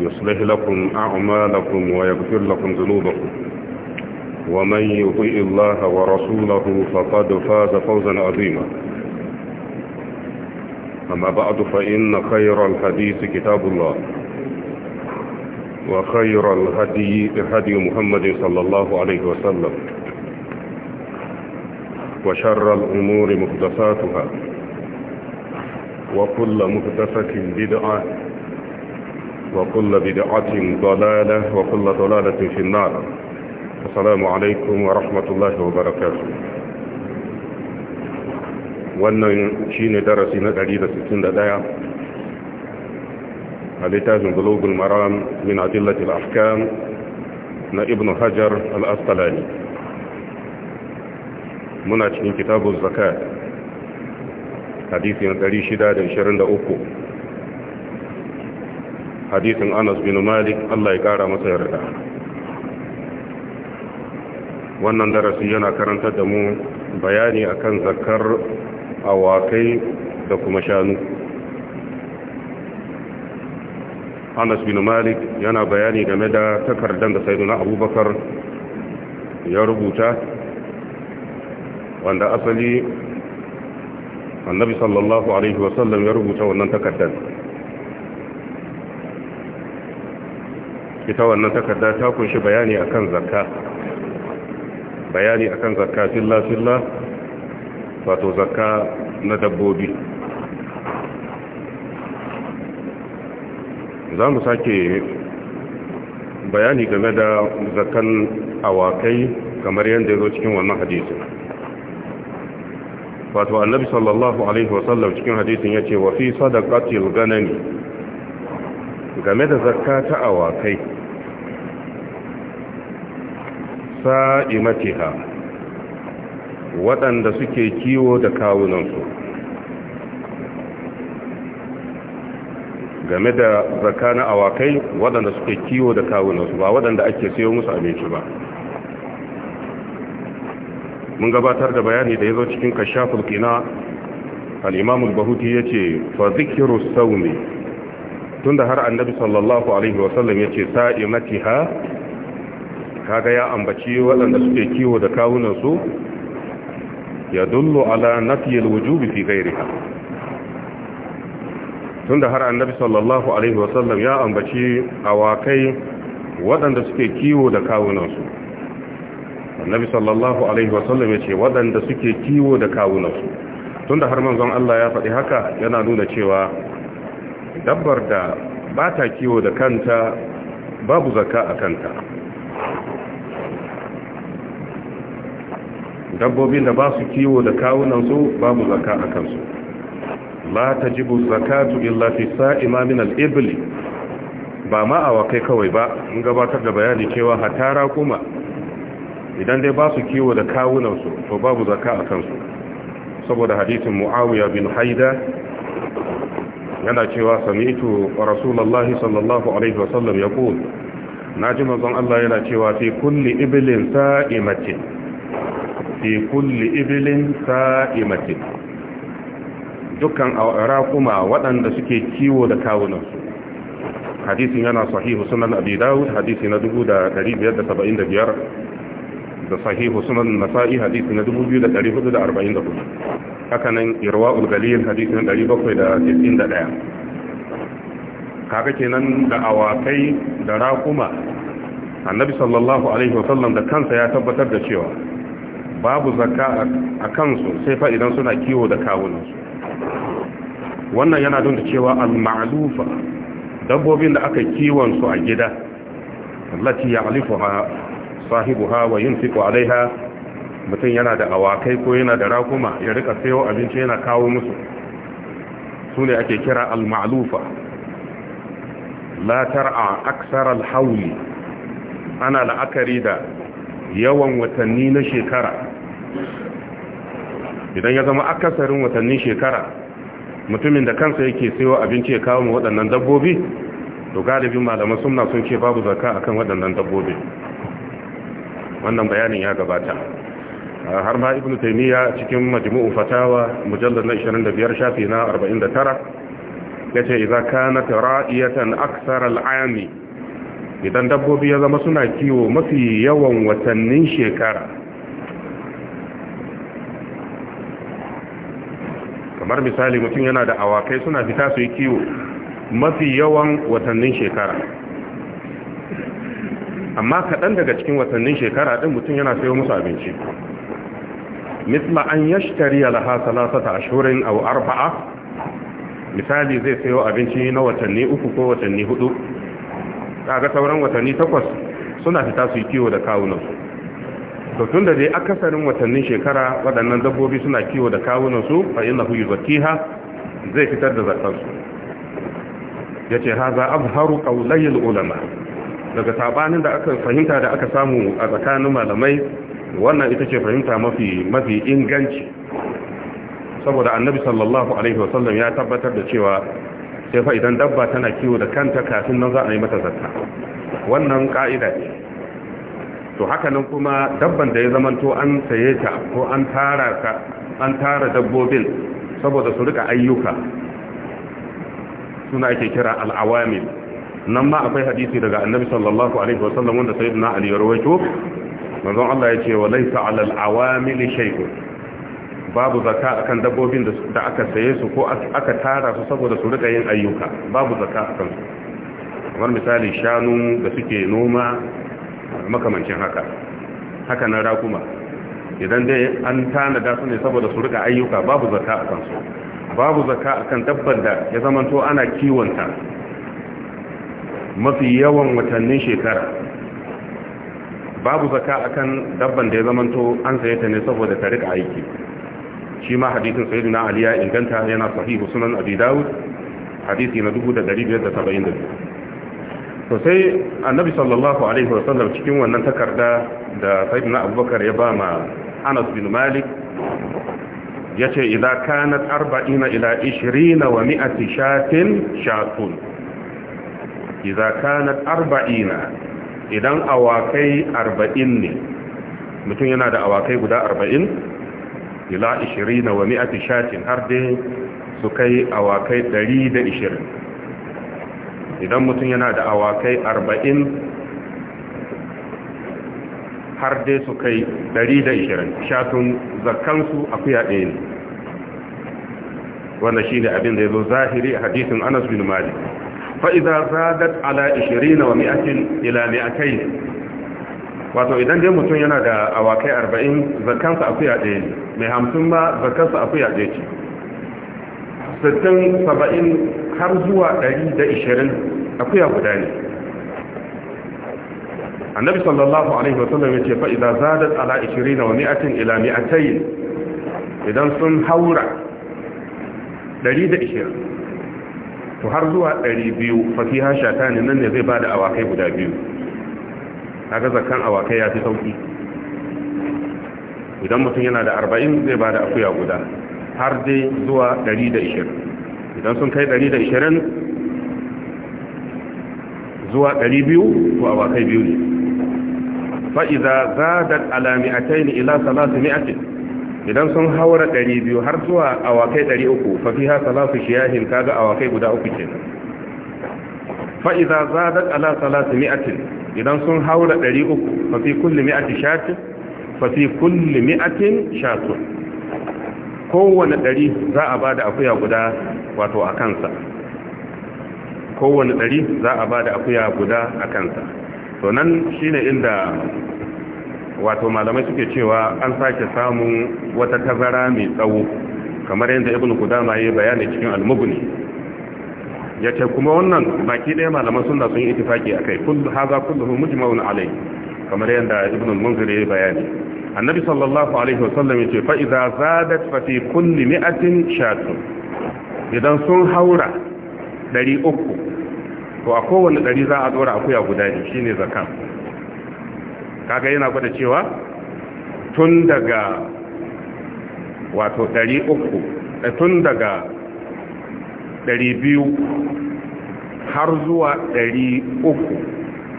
يصلح لكم أعمالكم ويغفر لكم ذنوبكم ومن يطيء الله ورسوله فقد فاز فوزا عظيما أما بعد فإن خير الحديث كتاب الله وخير الهدي هدي محمد صلى الله عليه وسلم وشر الأمور محدثاتها وكل محدثة بدعة وكل بدعة ضلالة وكل ضلالة في النار السلام عليكم ورحمة الله وبركاته wannan shi ne darasi na 161 a littafin global maram min adillatil afkan na ibn hajar al-astalani muna cikin kitabun zakat hadisi na 623 hadisin anas bin malik allah ya kara masa yarda wannan darasi yana karanta da mu bayani akan zakar awakai da kuma shanu anas bin malik yana bayani game da takardar da saiduna abubakar ya rubuta wanda asali annabi sallallahu alaihi wasallam ya rubuta wannan takardar ita wannan takarda ta kunshi bayani akan zakka bayani akan zakka filla filla wato zakka na dabbobi za mu sake bayani game da zakan awakai kamar yadda ya zo cikin wannan hadisin wato annabi sallallahu alaihi wasallam cikin hadisin ya ce wa fi sadaqatil ganani game da zakka ta awakai sa'imatiha waɗanda suke kiwo da kawunansu game da zakana na awakai waɗanda suke kiwo da kawunansu ba waɗanda ake siyo musu abinci ba mun gabatar da bayani da ya zo cikin kashafin kina al'imamul bahuti ya ce fa zikiru saumi tunda har annabi sallallahu alaihi wasallam ya ce sa'imatiha kaga ya ambaci waɗanda suke kiwo da kawunansu ya dullo ala nafiyar wujubi fi gairika tun da har annabi sallallahu alaihi wasallam ya ambaci awakai waɗanda suke kiwo da kawunansu annabi sallallahu alaihi wasallam ya ce waɗanda suke kiwo da kawunansu tun da har manzon Allah ya faɗi haka yana nuna cewa dabbar da ba ta kiwo da kanta babu zaka a kanta dabbobin da ba su kiwo da kawunansu babu zaka a kansu la tajibu zakatu illa fi sa'ima min al-ibli ba ma awakai kawai ba in gabatar da bayani cewa hatara kuma idan dai ba su kiwo da kawunansu to babu zaka a kansu saboda hadisin muawiya bin haida yana cewa sami'tu rasulullahi sallallahu alaihi wasallam yaqul naji manzon Allah yana cewa fi kulli iblin sa'imatin fi kulli ibilin sa’imati dukkan kuma waɗanda suke kiwo da kawunansu hadisin yana sahihu sunan abi dawud hadisi na 1575 da sahihu sunan nasa'i hadisi na 2444 haka nan irwa'ul galil hadisi na 791 kaga kenan da awakai da raƙuma annabi sallallahu alaihi wasallam da kansa ya tabbatar da cewa babu zakka a kansu sai fa idan suna kiwo da kawunansu wannan yana don da cewa al-ma'lufa dabbobin da aka kiwon su a gida allati ya'lifuha sahibuha wa yunfiqu 'alayha mutum yana da awakai ko yana da rakuma ya rika sayo abinci yana kawo musu sune ake kira al-ma'lufa la tar'a aksar al-hawli ana la'akari da yawan watanni na shekara idan ya zama akasarin watannin shekara mutumin da kansa yake sayo abinci ya kawo mu waɗannan dabbobi to galibin malaman sunna sun ce babu zakka akan waɗannan dabbobi wannan bayanin ya gabata ah, har ma ibnu taymiya cikin majmu'u fatawa mujallad na 25 shafi na 49 yace idza kanat ra'iyatan akthar al-ayami idan dabbobi ya zama suna kiwo mafi yawan watannin shekara kamar misali mutum yana da awakai suna fita su yi kiwo mafi yawan watannin shekara amma kaɗan daga cikin watannin shekara ɗin mutum yana sayo musu abinci misla an yashtari alaha salasata ashurin aw arba'a misali zai sayo abinci na watanni uku ko watanni hudu kaga sauran watanni takwas suna fita su yi kiwo da kawunansu to tun da dai akasarin watannin shekara waɗannan dabbobi suna kiwo da kawunansu fa inna hu yuzakkiha zai fitar da su yace haza azharu qawlayil ulama daga sabanin da aka fahimta da aka samu a tsakanin malamai wannan ita ce fahimta mafi mafi inganci saboda annabi sallallahu alaihi wasallam ya tabbatar da cewa sai fa idan dabba tana kiwo da kanta kafin nan za a yi mata zakka wannan ka'ida ce to hakanan kuma dabban da ya zamanto an saye ta ko an tara ka an tara dabbobin saboda su rika ayyuka suna ake kira al'awamil nan ma akwai hadisi daga annabi sallallahu alaihi wasallam wanda sayyidina ali ya rawaito manzo Allah ya ce wa laysa 'ala al-awamil shay'u babu zakka akan dabbobin da aka saye su ko aka tara su saboda su rika yin ayyuka babu zakka akan su kamar misali shanu da suke noma makamancin haka haka na rakuma idan dai an tanada su ne saboda su rika ayyuka babu zakka a kansu babu zakka a kan dabbar da ya zamanto ana kiwonta mafi yawan watannin shekara babu zakka a kan dabban da ya zamanto an saye ta ne saboda ta rika aiki shi ma hadisin sayyidina Aliya inganta yana sahihu sunan abi dawud hadisi na 1572 Sosai, annabi sallallahu alaihi wa sallam, cikin wannan takarda da sayyidina abubakar ya ba ma anas bin malik ya ce idan kanat arba'ina ila ishirina wa mi'ati shatin shatun idan kanat arba'ina idan awakai arba'in ne mutum yana da awakai guda arba'in ila ishirina wa mi'ati shatin har dai su kai awakai dari da ishirin idan mutum yana da awakai arba'in har dai su kai dari da ishirin shatun zakkansu a kuya ɗaya ne wanda shi ne abin da ya zo zahiri a hadisin anas bin malik fa'iza zadat ala na wa mi'atin ila kai wato idan dai mutum yana da awakai arba'in zakkansa a kuya ɗaya ne mai hamsin ba zakkansa a kuya ɗaya ce sittin saba'in har zuwa ɗari da ishirin akuya guda ne annabi sallallahu alaihi wasallam ya ce fa'iza zadat ala ishirin wa mi'atin ila mi'atayin idan sun haura ɗari da ishirin to har zuwa ɗari biyu fafi hasha ta ne nan ne zai ba da awakai guda biyu haka zakan awakai ya fi sauki idan mutum yana da arba'in zai ba da akuya guda har dai zuwa 120 idan sun kai 120 zuwa 200 to awakai biyu ne fa'iza zadat alami'atai ne ila salasu mi'atin idan sun haura 200 har zuwa awakai 300 ha salasu shiyahin kaga awakai guda uku ke fa'iza zadat ala salasu mi'atin idan sun haura 300 fafi kulli mi'ati shatin kulli mi'atin shatun kowane ɗari za a ba da akuya guda wato a kansa kowane ɗari za a ba da akuya guda a kansa to nan shi ne inda wato malamai suke cewa an sake samun wata tazara mai tsawo kamar yadda ibn kudama ya bayani cikin almubuni, ya ce kuma wannan baki ɗaya malaman suna sun yi itifaki a kai haza kullu mujimawun alai kamar yadda ibn munzir ya bayani annabi sallallahu alaihi wasallam yace fa idza zadat fa fi kulli mi'atin shatun idan sun haura 300 to a kowanne 100 za a dora akuya guda ne shine zakat kaga yana gwada cewa tun daga wato 300 eh, tun daga 200 har zuwa 300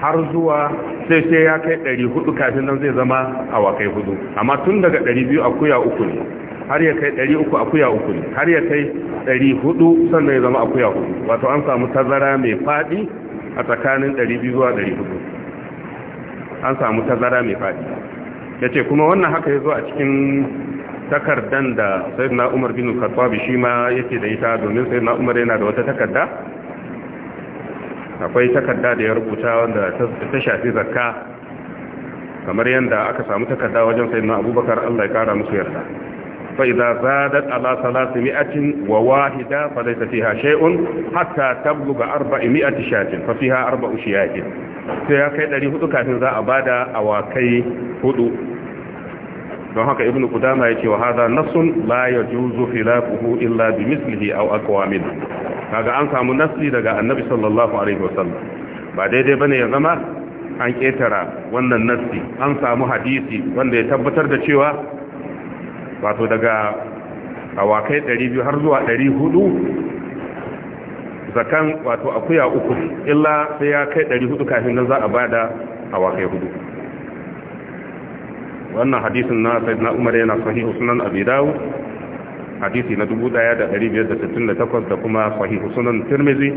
har zuwa sai sai ya kai 400 kafin nan zai zama awakai hudu amma tun daga 200 akuya uku ne har ya kai 300 akuya uku ne har ya kai 400 sannan ya zama akuya hudu wato an samu tazara mai fadi a tsakanin 200 zuwa 400 an samu tazara mai fadi ce kuma wannan haka ya zo a cikin takardan da sayyidina Umar bin Khattab shi ma yake da ita domin sayyidina Umar yana da wata takarda akwai takarda da ya rubuta wanda ta shafi zakka kamar yadda aka samu takarda wajen sayyidina abubakar Allah ya kara musu yarda za idza zadat ala salati mi'atin wa wahida fa laysa fiha shay'un hatta tabluga arba'i mi'ati shatin fa fiha arba'u shiyatin sai ya kai 400 kafin za a bada awakai hudu don haka ibn ya ce wa haza nasun la yajuzu khilafuhu illa bi mislihi aw aqwa kaga an samu nasli daga annabi sallallahu alaihi wasallam ba daidai bane ya zama an ketara wannan nasli an samu hadisi wanda ya tabbatar da cewa wato daga awakai 200 har zuwa 400 zakan wato akuya uku illa sai ya kai 400 kafin nan za a bada awakai hudu wannan hadisin na sayyidina Umar yana sahihu sunan Abi Dawud hadisi na 1568 da kuma sahihu sunan tirmizi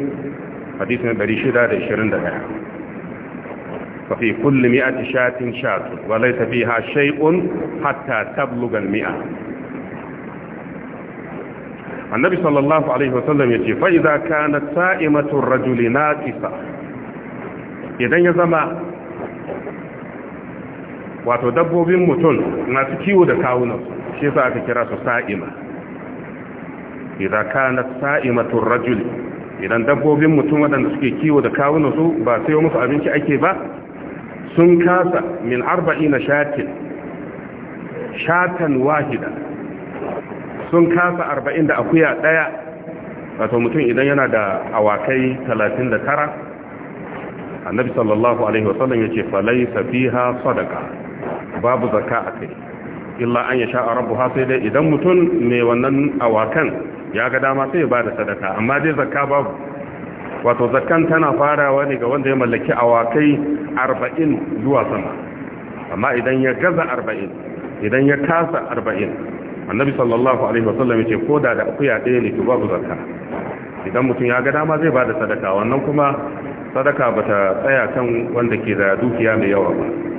hadisi na 621 fafi kulli mi'ati shatin shatu wa laysa fiha shay'un hatta tabluga al-mi'a annabi sallallahu alaihi wa wasallam yace fa idza kanat sa'imatu ar-rajuli naqisa idan ya zama wato dabbobin mutum masu kiwo da kawunan shi yasa aka kira su sa'ima idza na sa'imatur rajul idan dabbobin mutum waɗanda suke kiwo da kawunan su ba sai musu abinci ake ba sun kasa min arba'ina shatin shatan wahida sun kasa arba'in da akuya ɗaya wato mutum idan yana da awakai talatin da tara annabi sallallahu alaihi wasallam ya ce falai safiha sadaka babu zaka a kai illa an ya sha'a rabu sai dai idan mutum mai wannan awakan ya ga dama sai ba da sadaka amma dai zakka babu wato zakkan tana farawa ne ga wanda ya mallaki awakai 40 zuwa sama amma idan ya gaza 40 idan ya kasa 40 annabi sallallahu alaihi wasallam yace ko da da akuya ɗaya ne to babu zakka idan mutum ya ga dama zai ba da sadaka wannan kuma sadaka bata tsaya kan wanda ke da dukiya mai yawa ba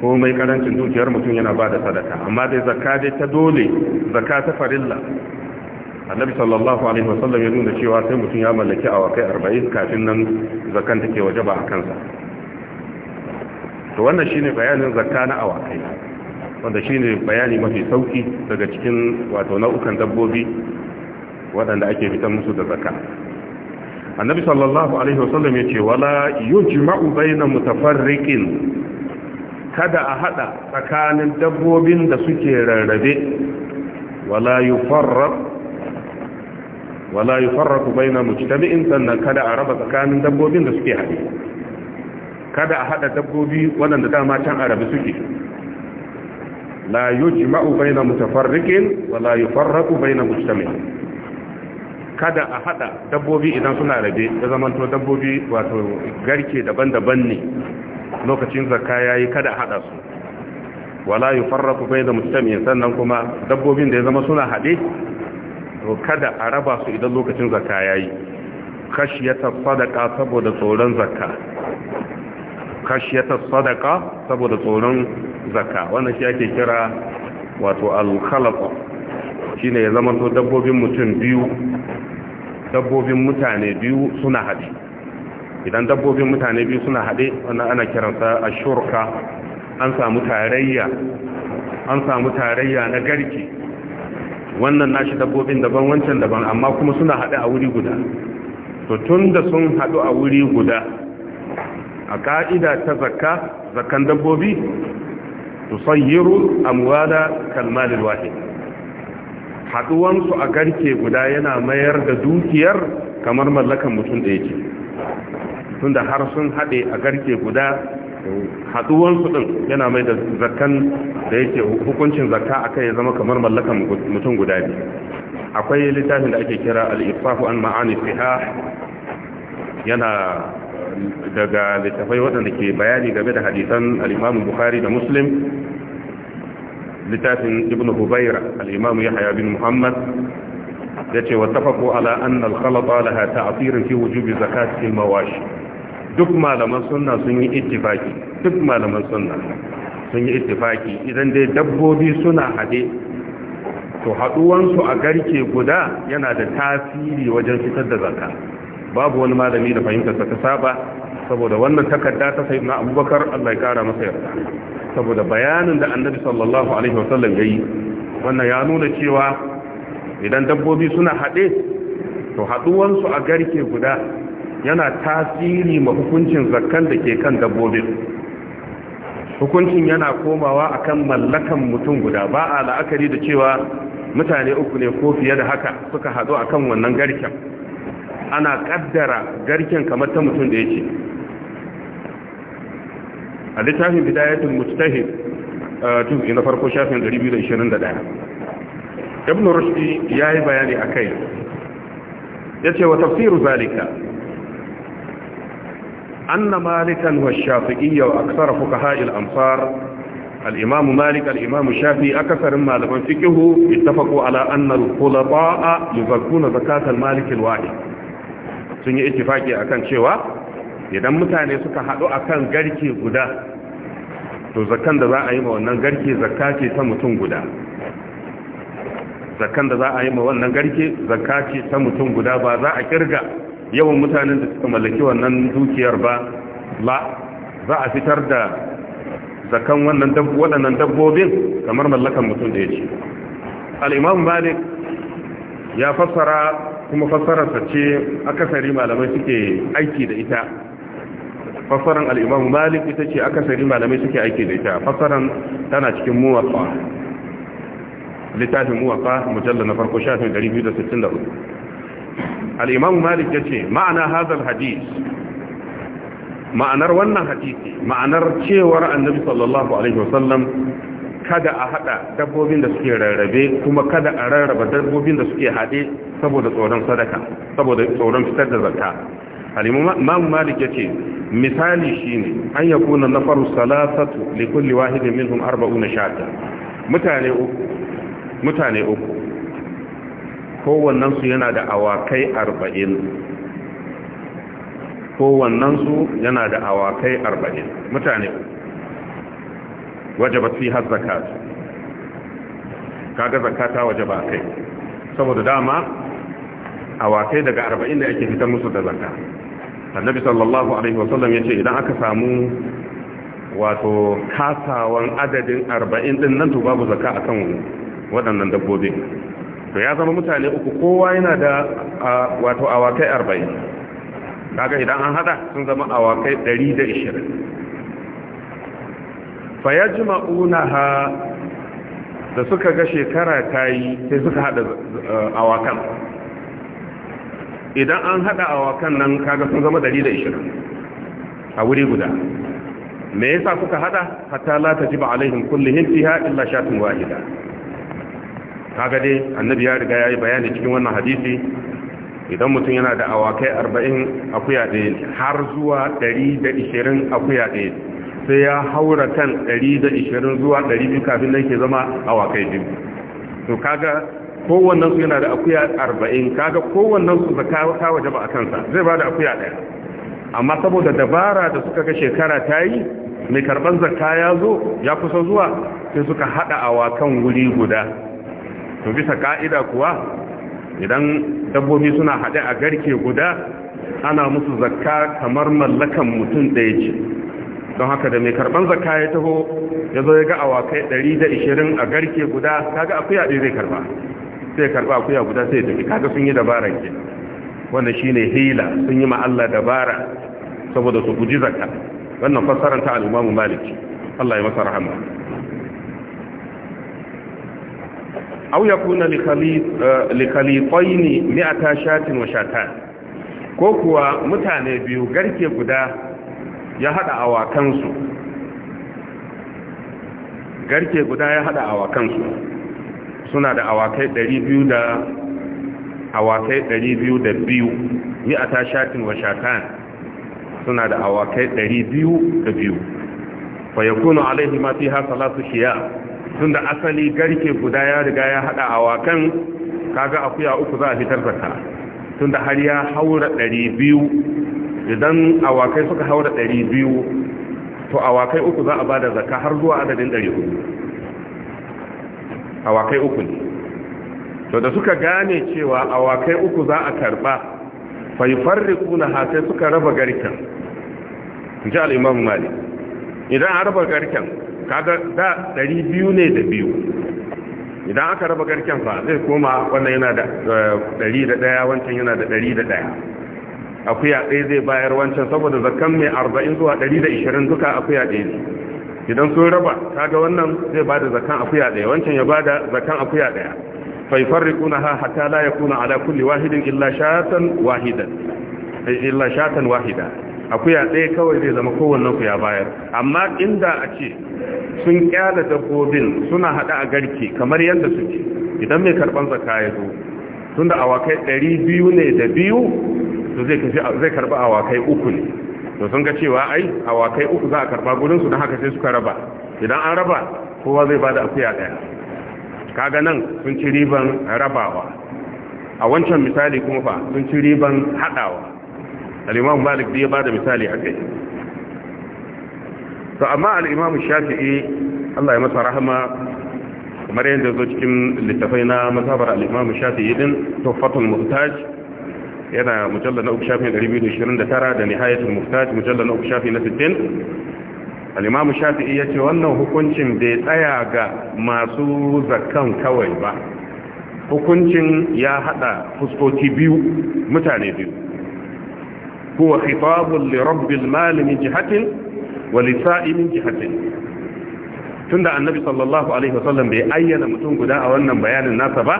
komai karancin dukiyar mutum yana ba da sadaka amma dai zakka dai ta dole zakka ta farilla annabi sallallahu alaihi wasallam ya nuna cewa sai mutum ya mallaki awakai 40 kafin nan zakkan take wajaba a kansa to wannan shine bayanin zakka na awakai wanda shine bayani mafi sauki daga cikin wato nau'ukan dabbobi waɗanda ake fitan musu da zakka annabi sallallahu alaihi wasallam ya ce wala yujma'u bayna mutafarriqin kada a hada tsakanin dabbobin da suke rarrabe wala yufarraq wala yufarraqu ta mujtami'in sannan kada a raba tsakanin dabbobin da suke hade kada a hada dabbobi waɗanda dama can arabi suke la yujma'u baina mutafarriqin wala yufarraqu baina mujtami'in kada a hada dabbobi idan suna rabe da zaman to dabbobi wato garke daban-daban ne lokacin zakka yayi kada hada su wala yufarraqu bayna mustami'in sannan kuma dabbobin da ya zama suna hade to kada a raba su idan lokacin zakka yayi khashyata sadaqa saboda tsoron zakka khashyata sadaqa saboda tsoron zakka wannan shi ake kira wato al-khalaq shine ya zama to dabbobin mutum biyu dabbobin mutane biyu suna hade idan dabbobin mutane biyu suna haɗe wannan ana kiransa shurka an samu tarayya an samu tarayya na garki wannan nashi dabbobin daban wancan daban amma kuma suna haɗe a wuri guda to tun da sun haɗu a wuri guda a ka'ida ta zakka zakkan dabbobi sayyiru amwala kalmalil wahid Haɗuwansu a garke guda yana mayar da dukiyar kamar mallakan mutum da yake tunda har sun haɗe a garke guda haɗuwansu ɗin yana mai da zakan da yake hukuncin zakka a kai ya zama kamar mallakan mutum guda biyu akwai littafin da ake kira al'ifafu an ma'ani fiha yana daga littafai waɗanda ke bayani game da hadisan al'imamu bukhari da muslim littafin ibn hubaira al'imamu yahaya bin muhammad ya ce wa tafako ala annal khalata laha ta'asirin fi wujubi zakatil mawashi duk malaman sunna sun yi ittifaki duk malaman sunna sun yi ittifaki idan dai dabbobi suna haɗe to haɗuwansu a garke guda yana da tasiri wajen fitar da zakka babu wani malami da fahimtarsa ta saba saboda wannan takarda ta sai na abubakar allah ya kara masa yarda saboda bayanin da annabi sallallahu alaihi wasallam ya yi wannan ya nuna cewa idan dabbobi suna haɗe to haɗuwansu a garke guda yana tasiri ma hukuncin zakkan da ke kan dabbobin hukuncin yana komawa akan mallakan mutum guda ba a la'akari da cewa mutane uku ne ko fiye da haka suka haɗu akan wannan garken ana kaddara garken kamar ta mutum da yake a littafin bidayatul mujtahid uh, juz'i na farko shafin 221 ibn rushdi yayi bayani Ya ce wa tafsiru zalika anna malikan wa shafi'iyya wa aksara fuqaha'il amsar al-imam malik al-imam shafi'i akasarin malaman fiqhu ittafaqu ala anna al-khulafa'a sun yi a kan cewa idan mutane suka a akan garke guda to zakan da za a yi ma wannan garke zakka ta mutum guda zakan da za a yi ma wannan garke zakka ta mutum guda ba za a kirga yawan mutanen da suka mallaki wannan dukiyar ba la za a fitar da zakan wannan waɗannan dabbobin kamar mallakan mutum da ya ce al'imam malik ya fassara kuma fassararsa ce akasari malamai suke aiki da ita fassaran al'imam malik ita ce akasari malamai suke aiki da ita fassarar tana cikin muwafa, littafin muwafa mujalla na farko shafin 264 al'imamu malik ya ce ma'ana hazal hadis ma'anar wannan hadisi ma'anar cewar annabi sallallahu alaihi wasallam kada a hada dabbobin da suke rarrabe kuma kada a rarraba dabbobin da suke hade saboda tsoron sadaka saboda tsoron fitar da zakka al-imam malik yace misali shine an na nafaru salasatu likulli wahidin minhum arba'una shata mutane uku mutane uku kowannensu yana da awakai arba'in kowannensu yana da awakai arba'in mutane waje ba fi har zakatu kaga zakata waje ba kai saboda dama awakai daga arba'in da ake fitar musu da zakka annabi sallallahu alaihi wasallam ya ce idan aka samu wato kasawan adadin arba'in din nan to babu zakka akan waɗannan dabbobin to ya zama mutane uku kowa yana da wato awakai arba'in kaga idan an hada sun zama awakai dari da ishirin fayajma'unaha da suka ga shekara ta yi sai suka hada eh, awakan idan an hada awakan nan kaga sun zama 120 a wuri guda me yasa suka hada hatta la tajiba alaihim kullu hintiha illa shatun wahida kaga dai annabi ya riga ya yi bayani cikin wannan hadisi idan mutum yana da awakai 40 akuya ɗaya har zuwa 120 akuya ɗaya sai ya haura kan 120 zuwa 200 kafin nan ke zama awakai biyu to kaga kowannen su yana da akuya 40 kaga kowannen su zaka ka waje ba a kansa zai ba da akuya ɗaya amma saboda dabara da suka ga shekara ta yi mai karban zakka ya zo ya kusa zuwa sai suka hada awakan wuri guda to bisa ka'ida kuwa idan dabbobi suna haɗe a garke guda ana musu zakka kamar mallakan mutum ɗaya ce don haka da mai karban zakka ya taho ya zo ya ga awakai 120 a garke guda kaga akuya ɗaya zai karɓa, sai karɓa akuya guda sai tafi kaga sun yi dabara ke wannan shine hila sun yi ma dabara saboda su guji zakka wannan fassarar ta al'umma mu Malik Allah ya masa rahama aw yakuna li khalifaini mi'ata shatin wa shatan ko kuwa mutane biyu garke guda ya hada awakan su garke guda ya hada awakan su suna da awakai 200 da awakai 202 mi'ata shatin wa shatan suna da awakai 202 fa yakunu alaihi ma fiha salatu shiya tunda asali garke guda ya riga ya hada awakan kaga akuya uku za a fitar tun tunda har ya haura 200 idan awakai suka haura 200 to awakai uku za a bada zakka har zuwa adadin 400 awakai uku ne to da suka gane cewa awakai uku za a karba faifar ha sai suka raba garken in ji al-imam malik idan a raba garken kaga da ɗari biyu ne da biyu idan aka raba garken fa zai koma wannan yana da eh, ɗari da ɗaya wancan yana da ɗari da ɗaya akuya ɗaya zai bayar wancan saboda zakan mai arba'in zuwa ɗari da ishirin duka akuya ɗaya ne idan sun raba kaga wannan zai ba da zakan akuya ɗaya wancan ya ba da zakan akuya ɗaya faifarriquna ha hatta la yakuna ala kulli wahidin illa shatan wahidan eh, illa shatan wahida akuya ɗaya kawai zai zama kowannen ku ya bayar amma inda a ce sun kyala dabbobin suna haɗa a garke kamar yadda suke idan mai karban zaka ya zo tunda awakai 200 ne da biyu to zai karɓi zai karba awakai uku ne to sun ga cewa ai awakai uku za a karba gurin su don haka sai suka raba idan an raba kowa zai bada akuya ɗaya kaga nan sun ci riban rabawa a wancan misali kuma fa sun ci riban haɗawa. al'imam malik da ya ba da misali a kai to amma al'imam shafi'i allah ya masa rahama kamar yadda zo cikin littafai na masabar al'imam shafi'i din tuffatul muhtaj yana mujalla na uku shafi na 229 da nihayatul muhtaj mujalla na uku shafi na 60 al'imam shafi'i ya ce wannan hukuncin bai tsaya ga masu zakan kawai ba hukuncin ya haɗa fuskoki biyu mutane biyu huwa khitabun li rabbil mali min jihatin wa lisa'i min tunda annabi sallallahu alaihi wasallam bai ayyana mutum guda a wannan bayanin nasa ba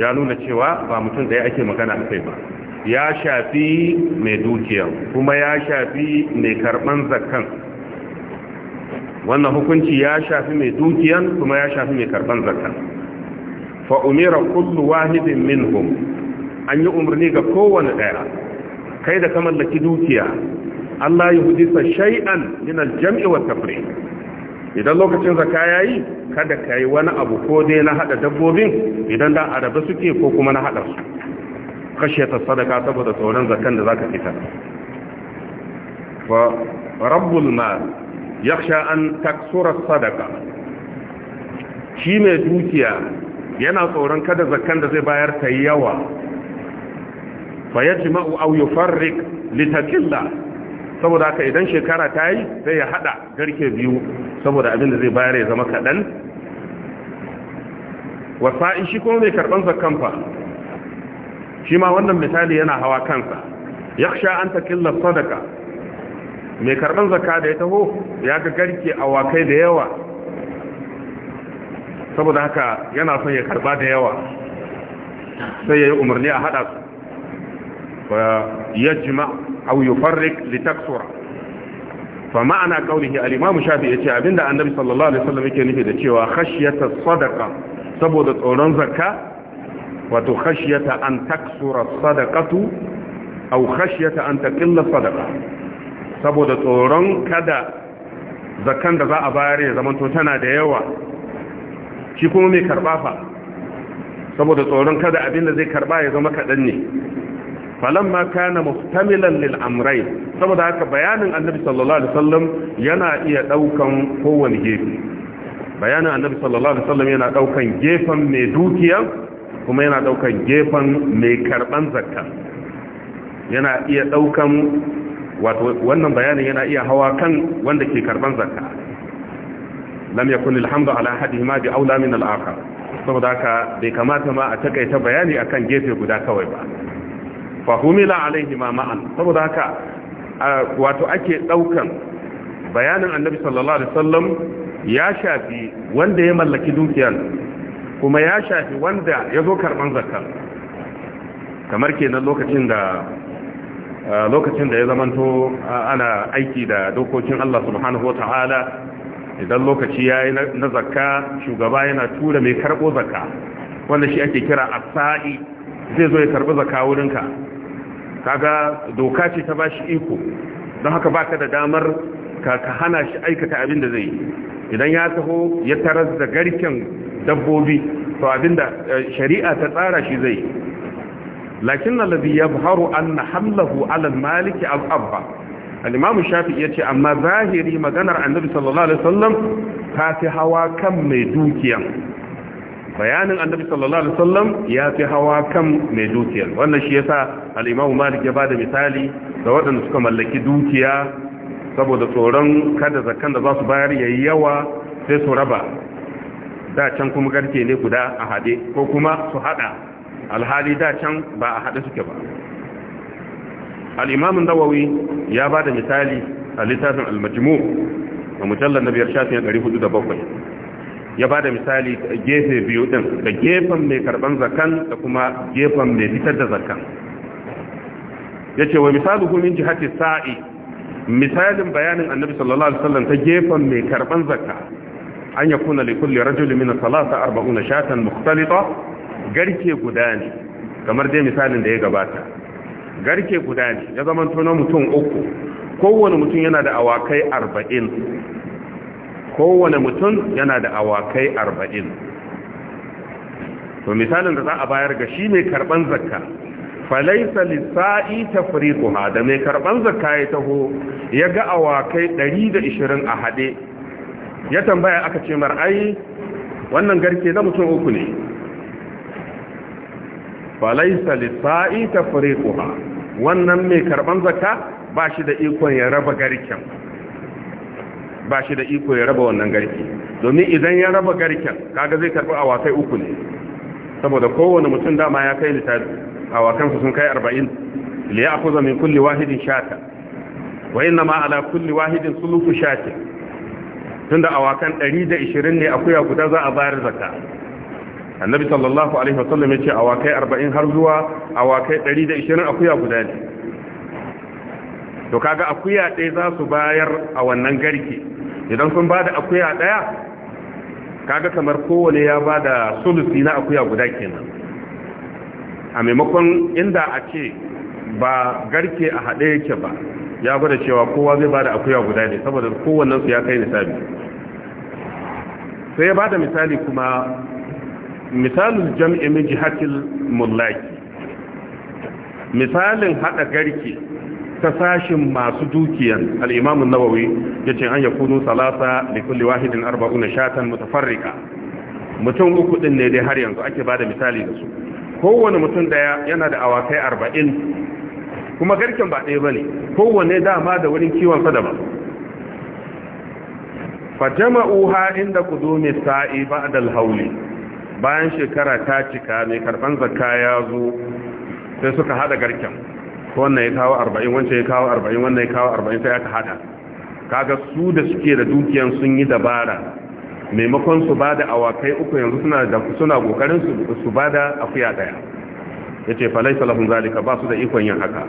ya nuna cewa ba mutum ɗaya ake magana a kai ba ya shafi mai dukiya kuma ya shafi mai karɓan zakkan wannan hukunci ya shafi mai dukiyan kuma ya shafi mai karɓan zakkan fa umira kullu wahidin minhum an yi umarni ga kowane ɗaya kai da ka mallaki dukiya Allah ya hudisa shay'an min al-jam'i wa tafriq idan lokacin zakka yayi kada kai wani abu ko dai na hada dabbobin idan da arabe suke ko kuma na hada su kashe ta sadaka saboda tsoron zakkan da zaka fita. fa rabbul mal yakhsha an taksura sadaka shi mai dukiya yana tsoron kada zakkan da zai bayar ta yawa fa jima'u aw yufarriq litakilla saboda haka idan shekara ta yi sai ya hada garke biyu saboda abin da zai bayar ya zama kaɗan. wasa'in shi kuma mai karban zakkan fa shi ma wannan misali yana hawa kansa yakhsha an takilla sadaka mai karban zaka da ya taho ya ga garke awakai da yawa saboda haka yana son ya karba da yawa sai ya yi umarni a haɗa su yajma aw yufarriq litaksura fa ma'ana qawlihi al-imam shafi'i yace abinda annabi sallallahu alaihi wasallam yake nufi da cewa khashyata sadaqa saboda tsoron zakka wato khashyata an taksura sadaqatu aw khashyata an taqilla sadaqa saboda tsoron kada da za a bayar ya zamanto tana da yawa shi kuma mai karba saboda tsoron kada abin da zai karba ya zama kaɗan ne falamma kana muhtamilan lil amrayn saboda haka bayanin annabi sallallahu alaihi wasallam yana iya daukan kowanne gefe bayanin annabi sallallahu alaihi wasallam yana daukan gefen mai dukiya kuma yana daukan gefen mai karban zakka yana iya daukan wato wannan bayanin yana iya hawa kan wanda ke karban zakka lam yakun alhamdu ala hadihima bi aula min al-akhar saboda haka bai kamata ma a takaita bayani akan gefe guda kawai ba fahimila alaihi ma ma'an saboda haka wato ake daukan bayanin annabi sallallahu alaihi wasallam ya shafi wanda ya mallaki dukiyar kuma ya shafi wanda ya zo karban zakka kamar kenan lokacin da lokacin da ya zamanto ana aiki da dokokin Allah subhanahu wataala idan lokaci yayi na zakka shugaba yana tura mai karbo zakka wanda shi ake kira asai zai zo ya karbi zakka wurinka kaga doka ce ta bashi iko don haka baka da damar ka hana shi aikata abin da zai yi idan ya taho ya taras da garken dabbobi to abin da eh, shari'a ta tsara shi zai yi lakin alladhi yabharu anna hamlahu ala maliki al'abba. abba shafi' imam yace amma zahiri maganar annabi sallallahu alaihi ta fi hawa kan mai dukiyan bayanin annabi sallallahu alaihi wasallam ya fi hawa kan mai dukiyar wannan shi yasa al-imamu malik ya bada misali da waɗanda suka mallaki dukiya saboda tsoron kada zakkan da za su bayar yayi yawa sai su raba da can kuma garke ne guda a hade ko kuma su hada alhali da can ba a hade suke ba al-imamu nawawi ya bada misali a littafin al-majmu' a mujallar na biyar shafin ya ba da misali gefe biyu din da gefen mai karban zakan da kuma gefen mai fitar da zakan ya ce wa misali min jihati sa'i misalin bayanin annabi sallallahu alaihi wasallam ta gefen mai karban zaka, an ya yakuna li kulli rajulin min salasa arba'una shatan mukhtalita garke guda ne kamar dai misalin da ya gabata garke guda ne ya zama na mutum uku kowane mutum yana da awakai arba'in kowane mutum yana da awakai arba'in to misalin da za a bayar ga shi mai karban zakka falaisa lissa'i tafriquha da mai karban zakka ya taho ya ga awakai 120 a haɗe, ya tambaya aka ce mar wannan garke na mutum uku ne falaisa lissa'i tafriquha wannan mai karban zakka ba shi da ikon ya raba garken ba shi da iko ya raba wannan garki domin idan ya raba garken kaga zai karbi awakai uku ne saboda kowane mutum dama ya kai litar awakansu sun kai arba'in li ya akuza min kulli wahidin shata wa inna ma ala kulli wahidin sulufu shata tunda awakan 120 ne akuya guda za a bayar zakka annabi sallallahu alaihi wasallam awakai 40 har zuwa awakai 120 akuya guda ne to kaga akuya ɗaya za su bayar a wannan garki idan kun bada akuya daya kaga kamar kowane ya bada sulusi na akuya guda kenan a maimakon inda a ce ba garke a haɗe yake ba ya gwada cewa kowa zai bada akuya guda ne saboda kowannensu ya kai nisabi sai ya bada misali kuma misalin jam'i min jihatil mullaki misalin haɗa garke ta sashin masu dukiyan al nawawi ya ce an ya yakunu salasa da kulle wahidin arba'una shatan mutafarrika mutum uku din ne dai har yanzu ake ba da misali da su kowane mutum daya yana da awakai arba'in, kuma garken ba ɗaya ba ne, kowanne dama da wurin kiwon sa daban fajama'uha inda qudumi sa'i ba al-hawli bayan shekara ta cika mai karban zakka ya zo sai suka haɗa garken wannan ya kawo arba'in wancan ya kawo arba'in wannan ya kawo arba'in sai aka hada kaga su da suke da dukiyan sun yi dabara maimakon su bada awakai uku yanzu suna da suna kokarin su su bada akuya daya yace fa laysa lahum zalika ba su da ikon yin haka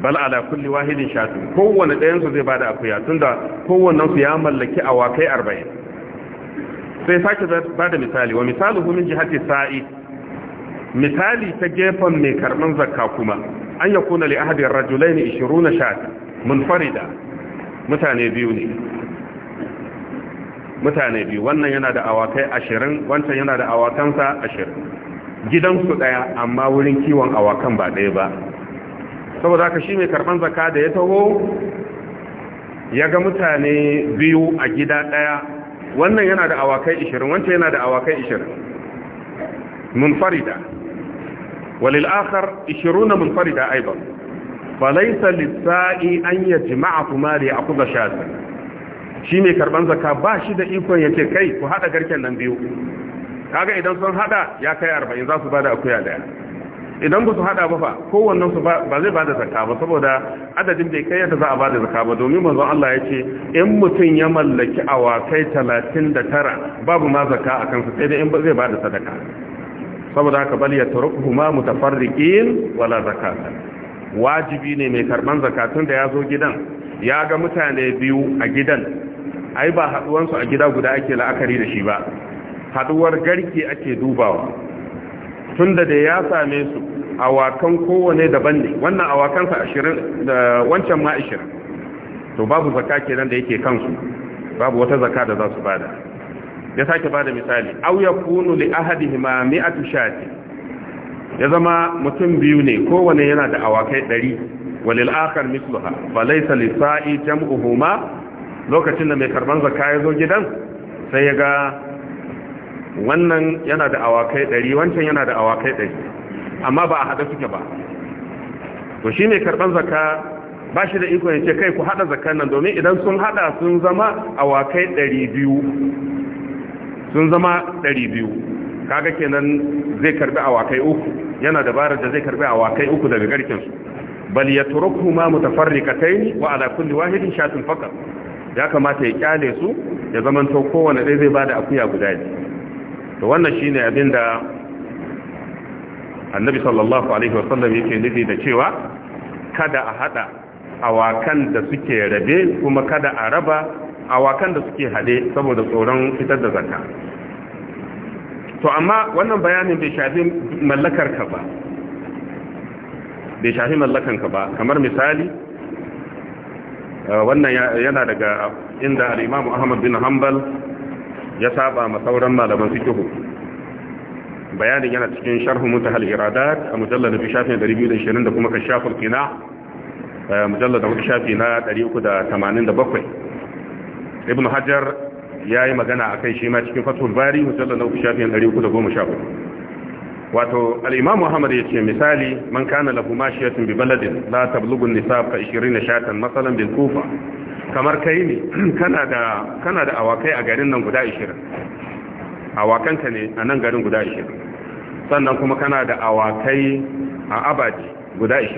bal ala kulli wahidin shatu kowanne ɗayan su zai bada akuya tunda kowannen su ya mallaki awakai 40 sai sake bada misali wa misaluhu min jihati sa'i misali ta gefen mai karban zakka kuma an kuna li ahadin ar-rajulaini 20 shatan munfarida mutane biyu ne mutane biyu wannan yana da awakai 20 wancan yana da awakansa 20 gidansu daya amma wurin kiwon awakan ba daya ba saboda haka shi mai karban zakka da ya taho ya ga mutane biyu a gida daya wannan yana da awakai 20 wancan yana da awakai 20 munfarida walil akhar 20 munfarida aidan falaysa lis-sa'i an yajma'a kumari akuza shatan shi mai karban zakka ba shi da ikon yace kai ku hada garken nan biyu kaga idan sun hada ya kai 40 za su bada akuya idan ba su hada ba fa kowannen su ba zai bada zakka ba saboda adadin bai kai yadda za a bada zakka ba domin manzon Allah ya ce in mutum ya mallaki awakai 39 babu ma zakka akan su sai da in zai bada sadaka saboda haka bal yatrukuhuma mutafarriqin wala zakata wajibi ne mai karban zakatun da yazo gidan ya ga mutane biyu a gidan ai ba haduwan su a gida guda ake la'akari da shi ba haduwar garki ake dubawa tunda da ya same su awakan kowane daban ne wannan sa 20 da wancan ma 20 to babu zakka kenan da yake kansu babu wata zakata da za su bada ya sake bada misali aw yakunu li ahadihima mi'atu shati ya zama mutum biyu ne kowane yana da awakai 100 walil akhar mithluha fa laysa li sa'i jam'uhuma lokacin da mai karban zakka ya zo gidan sai ya ga wannan yana da awakai 100 wancan yana da awakai 100 amma ba a hada suke ba to shi mai karban zakka ba shi da iko ya ce kai ku hada zakkan nan domin idan sun hada sun zama awakai biyu. sun zama ɗari 200 kaga kenan zai karbi awakai uku yana dabarar da zai karbi awakai uku daga garkin su bal yatrukuma mutafarriqatayn wa ala kulli wahidin shatun faqat ya kamata ya kyale su ya zamanto kowanne dai zai bada akuya guda ne to wannan shine da annabi sallallahu alaihi wasallam yake nufi da cewa kada a hada awakan da suke rabe kuma kada a raba awakan da suke haɗe saboda tsoron fitar da zakka to amma wannan bayanin bai shafi mallakar ka ba bai shafi mallakan ka ba kamar misali eh, wannan yana daga inda al-Imam Ahmad bin Hanbal ya saba ma sauran malaman fiqh bayanin yana cikin sharh mutahal iradat a mujallad bi shafin 220 da kuma kashaful qina eh, mujallad da shafi na 387 ibn hajar ya yi magana a kai shi ma cikin fatul bari musallar na uku sha 314 wato al'imam muhammad ya ce misali man kana lahu mashiyatin bi baladin la tablugun nisab ka 20 shatan matsalan bin kufa kamar kai ne kana da kana da awakai a garin nan guda 20 awakanka ne a nan garin guda 20 sannan kuma kana da awakai a abaji guda 20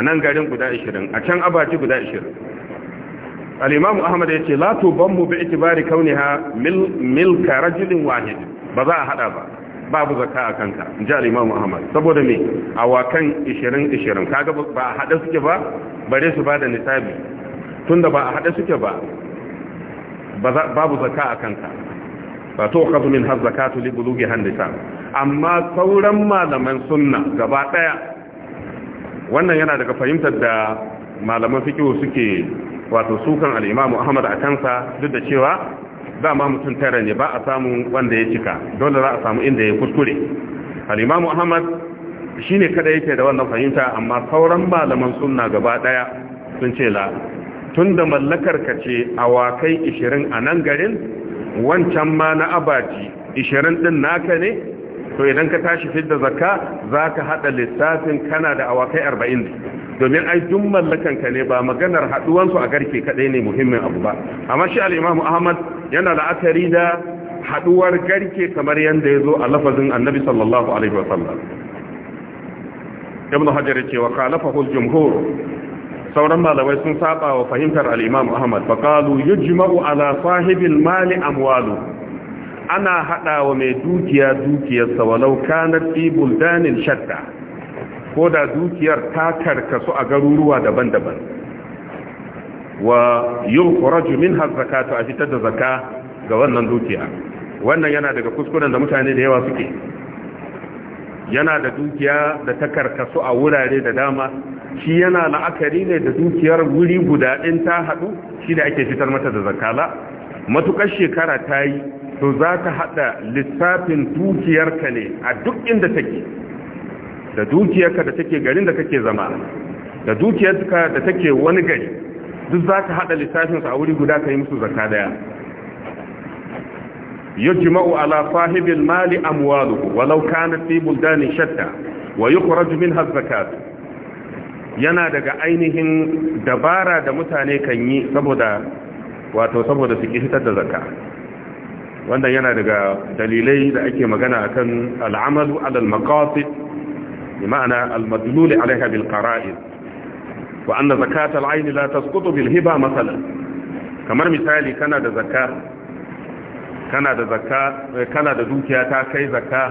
a nan garin guda 20 a can abaji guda 20 al-imam ahmad yace la tubammu bi itibari kauniha mil milka rajulin wahid ba za a hada ba babu zakka a kanka inji al-imam ahmad saboda me awakan 20 20 kaga ba a hada suke ba bare su bada nisabi tunda ba a hada suke ba babu zakka a kanka ba to kazu min har zakatu li bulugi handisa amma sauran malaman sunna gaba daya wannan yana daga fahimtar da malaman fiqh suke wato sukan al'imamu ahmad a kansa duk da cewa ma mutum tara ne ba a samu wanda ya cika dole za a samu inda ya kuskure al'imamu ahmad shi ne kada yake da wannan fahimta amma sauran malaman sunna gaba daya sun ce la tun mallakar ka ce awakai ishirin a nan garin wancan ma na abaji 20 din naka ne to idan ka tashi fidda zakka za ka haɗa lissafin kana da awakai 40 domin ai duk mallakanka ne ba maganar haduwansu a garke kadai ne muhimmin abu ba amma shi al-imamu ahmad yana la'akari da haduwar garke kamar yanda yazo a lafazin annabi sallallahu alaihi wasallam ibn hajar yace wa khalafahu al-jumhur sauran malamai sun saba wa fahimtar al-imamu ahmad fa qalu yujma'u ala sahibil mali amwalu ana hada wa mai dukiya dukiyarsa walau kanat fi buldanin shatta ko da dukiyar ta karkasu a garuruwa daban-daban wa yin kuraju min har zakatu a fitar da zaka ga wannan dukiya wannan yana daga kuskuren da mutane da yawa suke yana da dukiya da ta karkasu a wurare da dama shi yana la'akari ne da dukiyar wuri guda ɗin ta haɗu shi da ake fitar mata da zakala matukar shekara ta yi to za ta haɗa lissafin dukiyarka ne a duk inda take da dukiyarka da take garin da kake zama da dukiyarka da take wani gari duk za ka haɗa lissafinsu a wuri guda ka yi musu zaka daya yajma'u ala sahibil mali amwaluhu walau kana fi buldani shatta wa yukhraj minha zakat yana daga ainihin dabara da mutane kan yi saboda wato saboda su hitar da zakka wannan yana daga dalilai da ake magana akan al'amalu alal maqasid bi ma'ana al-madlul 'alayha zakata al-'ayn la tasqutu bil hiba masalan kamar misali kana da dukiya ta kai zaka?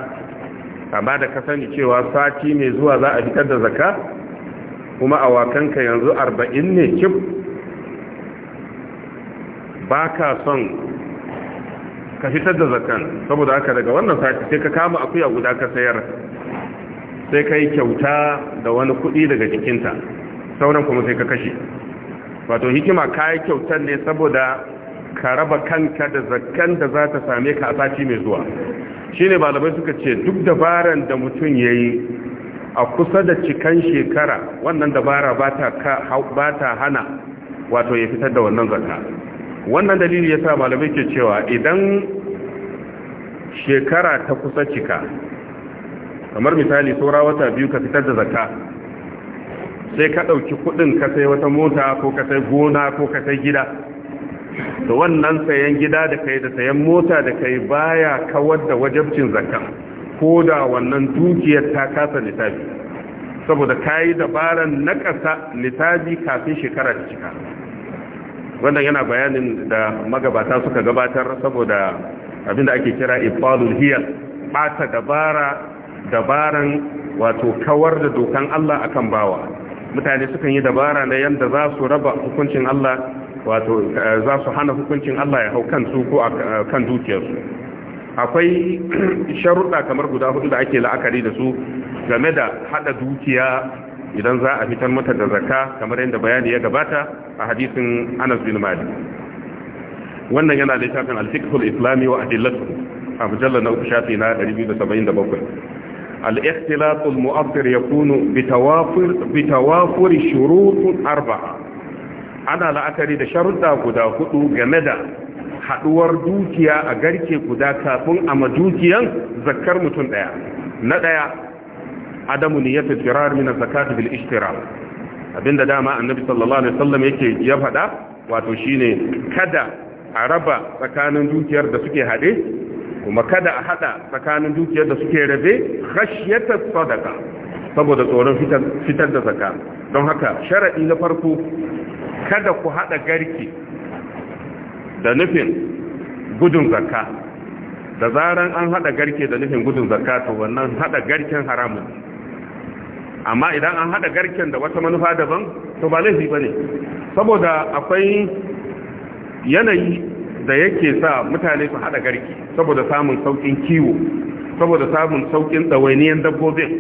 amma da ka sani cewa sati mai zuwa za a fitar da zakka kuma awakanka yanzu arba'in ne kif baka son ka fitar da zakan saboda haka daga wannan sati sai ka kama akuya guda ka sayar sai ka yi kyauta da wani kuɗi daga cikinta sauran kuma sai ka kashe wato hikima ka yi kyautar ne saboda ka raba kanka da zakan da za ta same ka a sati mai zuwa shi ne balabai suka ce duk dabaran da mutum ya yi a kusa da cikan shekara wannan dabara ba ta hana wato ya fitar da wannan zata wannan dalili ya sa malamai ke cewa idan shekara ta kusa cika kamar misali saura wata biyu ka fitar da zakka sai ka ɗauki kuɗin ka sai wata mota ko ka sai gona ko ka sai gida da wannan sayan gida da kai da sayan mota da kai baya kawar da wajabcin zakka ko da wannan dukiyar ta kasa litafi saboda ka yi dabarar ƙasa litafi kafin shekara da cika wannan yana bayanin da magabata suka gabatar saboda abinda ake kira ifalul hiyar bata dabara dabaran wato kawar da dokan Allah akan bawa mutane sukan yi dabara na yanda za su raba hukuncin Allah wato eh, za su hana hukuncin Allah ya hau su ko eh, kan dukiyarsu akwai sharuɗa kamar guda hudu da ake la'akari da su game da hada dukiya idan za a fitar mata da zakka kamar yadda bayani ya gabata a hadisin Anas bin Malik wannan yana da shafin al-fiqh islami wa adillatu a mujallal na uku shafi na 277 al-ikhtilatu al ya kunu bi tawafur bi tawafur shurut arba'a ana la'akari da sharuɗa guda hudu game da haduwar dukiya a garke guda kafin a majukiyan zakkar mutum daya na daya adamu niyyatu firar min zakat bil ishtirar abinda dama annabi sallallahu alaihi wasallam yake ya faɗa wato shine kada a raba tsakanin dukiyar da suke haɗe kuma kada a hada tsakanin dukiyar da suke rabe khashyatat sadaqa saboda tsoron fitar da zakka don haka sharadi na farko kada ku hada garki da nufin gudun zakka da zaran an hada garke da nufin gudun zaka to wannan hada garken haramun amma idan an hada garken da wata manufa daban to ba laifi bane saboda akwai yanayi da yake sa mutane su haɗa garki saboda samun sauƙin kiwo saboda samun sauƙin ɗawainiyar dabbobin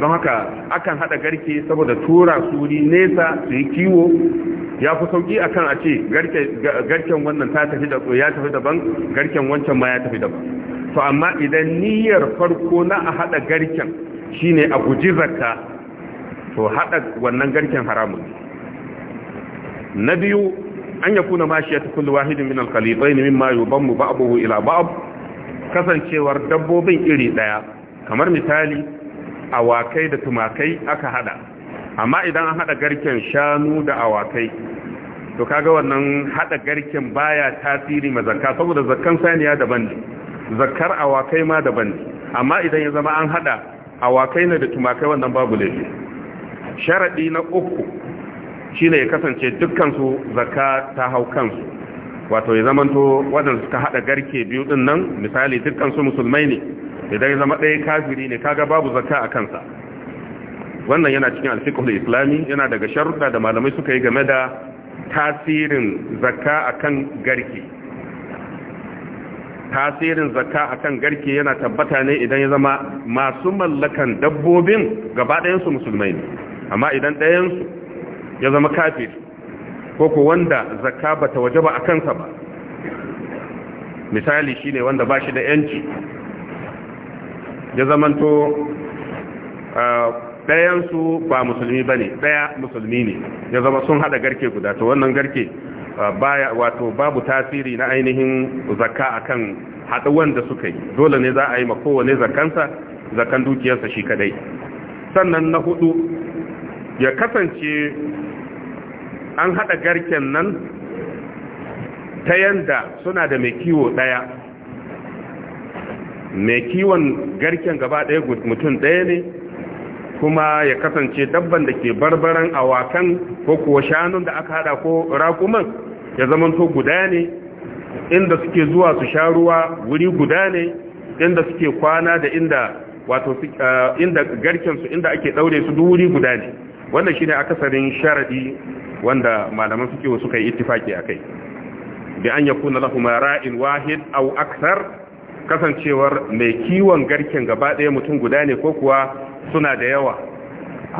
don haka akan haɗa garki saboda tura suri nesa su yi kiwo ya fi sauƙi akan a ce garken wannan ta tafi ya tafi daban garken wancan ma ya tafi daban to amma idan niyyar farko na a haɗa garken shi ne a guji zakka to haɗa wannan garken haramun na biyu an ya kuna yakuna mashiyatu kullu wahidin min al-qalitayn mimma yudammu ba'dahu ila ba'd kasancewar dabbobin iri daya kamar misali awakai da tumakai aka hada amma idan an hada garken shanu da awakai to kaga wannan hada garken baya tasiri ma zakka saboda zakkan saniya daban ne zakkar awakai ma daban ne amma idan ya zama an hada awakai ne da tumakai wannan babu laifi sharadi na uku shine ya kasance dukkansu zakka ta hau kansu wato ya zamanto wadanda suka haɗa garke biyu din nan misali dukkansu musulmai ne idan ya zama ɗaya kafiri ne kaga babu zakka a kansa wannan yana cikin alfiqhul islami yana daga sharuɗa da malamai suka yi game da tasirin zakka akan garke tasirin zakka akan garke yana tabbata ne idan ya zama masu mallakan dabbobin gaba ɗayansu musulmai ne amma idan ɗayansu ya zama kafir ko ko wanda zakka bata wajaba a kansa ba misali shine wanda ba shi da yanci ya ɗayan ɗayansu ba musulmi ba ne ɗaya musulmi ne ya zama sun haɗa garke guda to wannan garke baya wato babu tasiri na ainihin zakka akan haɗu wanda suka yi dole ne za a yi ma kowane zakansa zakan dukiyarsa shi kadai sannan na hudu ya kasance an haɗa garken nan ta yanda suna da mai kiwo ɗaya mai kiwon garken gaba ɗaya mutum ɗaya ne kuma ya kasance dabban da ke barbaran awakan ko kuwa shanun da aka haɗa ko rakuman ya zamanto guda ne inda suke zuwa su sha ruwa wuri guda ne inda suke kwana da inda wato inda garkensu inda ake daure su duk wuri guda ne wannan shine akasarin sharadi wanda malaman suke suka yi ittifaki akai bi an yakuna lahum ra'in wahid aw akthar kasancewar mai kiwon garken gaba ɗaya mutum guda ne ko kuwa suna da yawa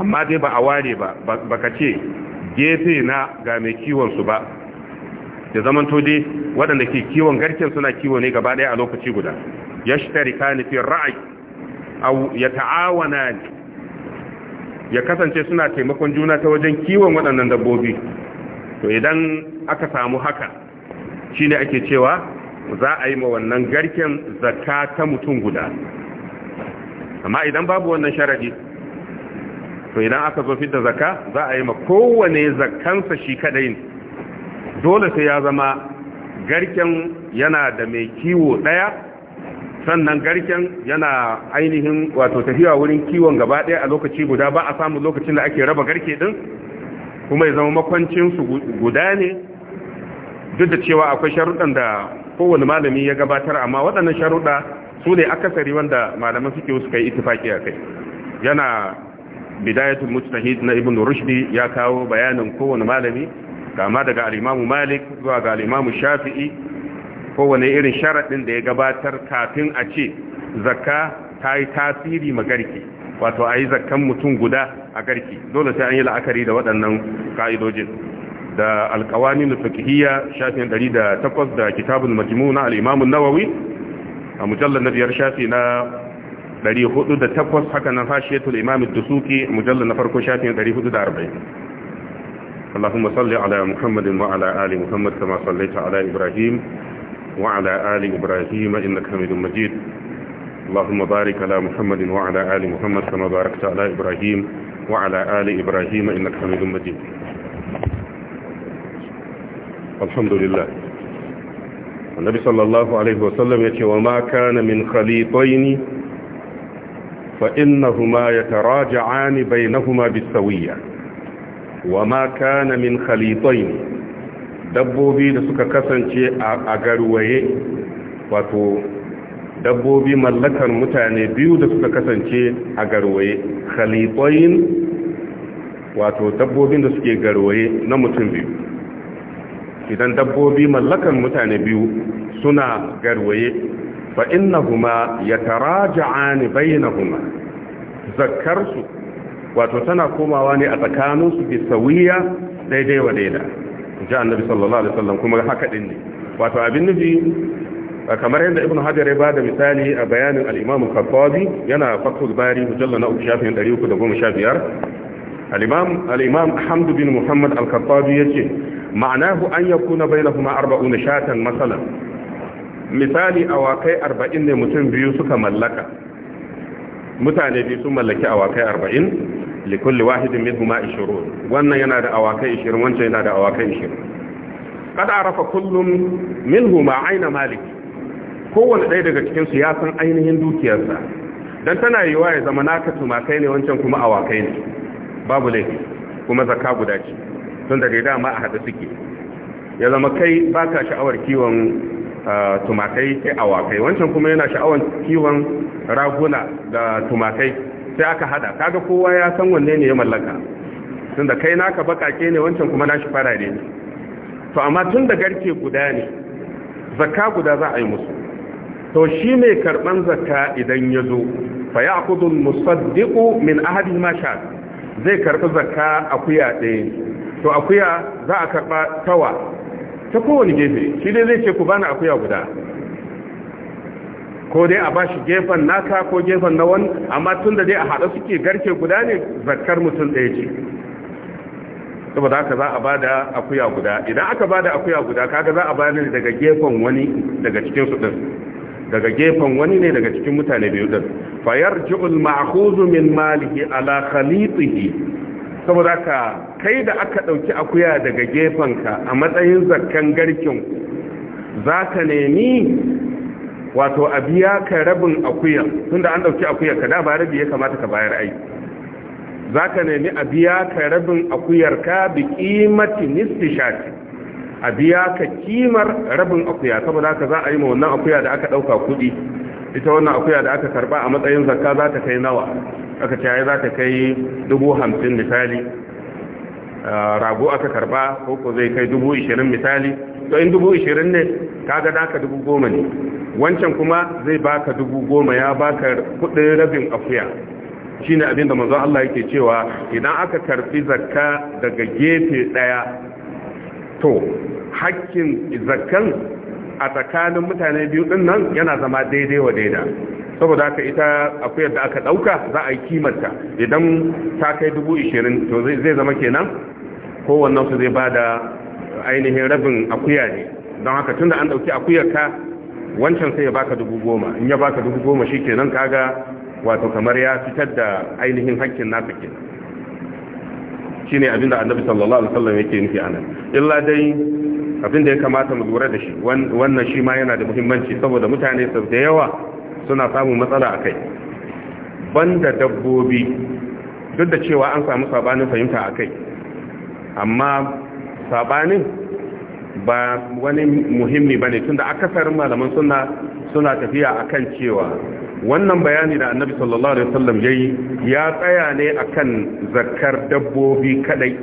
amma dai ba a ware ba baka ce gefe na ga mai kiwon su ba da zaman dai waɗanda ke kiwon garken suna kiwo ne gaba ɗaya a lokaci guda ya ta rika nufin ra'ayi ya ta'awana ya kasance suna taimakon juna ta wajen kiwon waɗannan dabbobi to idan aka samu haka shine ake cewa za a yi ma wannan garken zaka ta mutum guda amma idan babu wannan sharadi to idan aka zo fitar zaka za a yi ma kowane zakansa shi kadai dole sai ya zama garken yana da mai kiwo ɗaya. sannan garken yana ainihin wato tafiya wurin kiwon gaba ɗaya a lokaci guda ba a samu lokacin da ake raba garke ɗin kuma ya zama makwancinsu guda ne duk da cewa akwai sharuɗan da kowane malami ya gabatar amma waɗannan sharuɗa su ne akasari wanda malaman suke suka yi itifaki a kai yana bidayatul mustahid na ibn rushdi ya kawo bayanin kowane malami kama daga alimamu malik zuwa ga al shafi'i kowane irin sharaɗin da ya gabatar kafin a ce zakka ta yi tasiri ma garke wato a yi zakkan mutum guda a garki, dole sai an yi la'akari da waɗannan ƙa'idojin. da alkawani na fakihiyya shafin 108 da kitabun majmu na al'imamun nawawi a mujallar na biyar shafi na 408 haka nan hashiyatul imamin dusuki mujallar na farko shafin 440 اللهم صل على محمد وعلى آل محمد كما صليت على إبراهيم وعلى آل إبراهيم إنك حميد مجيد اللهم بارك على محمد وعلى آل محمد كما باركت على إبراهيم وعلى آل إبراهيم إنك حميد مجيد الحمد لله النبي صلى الله عليه وسلم يقول وما كان من خليطين فإنهما يتراجعان بينهما بالسوية وما كان من خليطين dabbobi da suka kasance a garwaye wato dabbobi mallakar mutane biyu da suka kasance a garwaye khalifoyin wato dabbobin da suke garwaye na mutum biyu idan dabbobi mallakar mutane biyu suna garwaye fa innahuma yataraja'ani bainahuma zakkarsu wato tana komawa ne a tsakaninsu bi sawiya daidai wa daidai ji annabi sallallahu alaihi wasallam kuma haka din ne wato abin nufi kamar yadda ibnu hajar ya bada misali a bayanin al-imam al-qattabi yana fathul bari mujalla na uku shafin 315 al-imam al-imam ahmad bin muhammad al-qattabi yace ma'anahu an yakuna bainahuma 40 shatan masalan misali awakai 40 ne mutum biyu suka mallaka mutane biyu sun mallaki awakai arba'in. likulli wahidin minhuma 20 wannan yana da awakai 20 wancan yana da awakai 20 kada arafa kullum minhuma aina malik kowanne ɗaya daga cikin su ya san ainihin dukiyarsa dan tana yiwa ya zama naka tumakai ne wancan kuma awakai ne babu laifi kuma zakka guda ce tun da dai dama a hada suke ya zama kai baka sha'awar kiwon ah, tumakai sai awakai wancan kuma yana sha'awar kiwon raguna da tumakai sai aka hada kaga kowa ya san wanne ne ya mallaka tunda kai naka bakake ne wancan kuma nashi farare ne to amma tun da garke guda ne zakka guda za a yi musu to shi mai karban zakka idan ya zo fa ya'khudhu al-musaddiqu min ahadi ma sha zai karba zakka akuya ɗaya to akuya za a karba tawa ta kowane gefe shi dai zai ce ku bani akuya guda ko dai a ba shi gefen naka ko gefen na wani amma tun da dai a haɗa suke garke guda ne zarkar mutum ɗaya ce saboda haka za a ba da akuya guda idan aka ba da akuya guda kaga za a ba ne daga gefen wani daga cikin su ɗin daga gefen wani ne daga cikin mutane biyu ɗin fayar ji'ul ma'akuzu min malihi ala khalitihi saboda ka kai da aka ɗauki akuya daga gefen ka a matsayin zakkan garkin za ka nemi wato a biya ka rabin akuya tunda an dauki akuya ka da ba rabi ya kamata ka bayar ai zaka nemi a biya ka rabin akuyar ka bi qimati nistishati a biya ka kimar rabin akuya saboda haka za a yi ma wannan akuya da aka dauka kudi ita wannan akuya da aka karba a matsayin zakka za ta kai nawa aka ce za ta kai dubu hamsin misali ah, rago aka karba ko ko zai kai dubu ishirin misali to in dubu ishirin ne kaga naka dubu goma ne wancan kuma zai baka dubu goma ya baka kudin rabin akuya Shi ne abinda manzon Allah yake cewa idan aka karfi zakka daga gefe daya to hakkin zakkan a tsakanin mutane biyu din nan yana zama daidai wa daida saboda haka ita akuyar da aka dauka za a yi kimarta idan ta kai dubu ishirin to zai zama kenan wannan su zai bada ainihin rabin akuya ne don haka da an ɗauki akuyar ka wancan sai ya baka dubu goma in ya baka dubu goma shi kenan kaga wato kamar ya fitar da ainihin hakkin nasa ke shi ne abinda annabi sallallahu alaihi wasallam yake nufi anan illa dai abinda ya kamata mu lura da shi wannan shi ma yana da muhimmanci saboda mutane sau da yawa suna samun matsala a akai banda dabbobi duk da cewa an samu sabanin fahimta a kai amma sabani ba wani muhimmi bane tunda akasarin malaman sunna suna tafiya akan cewa wannan bayani da annabi sallallahu alaihi wasallam yayi ya tsaya ne akan zakkar dabbobi kadai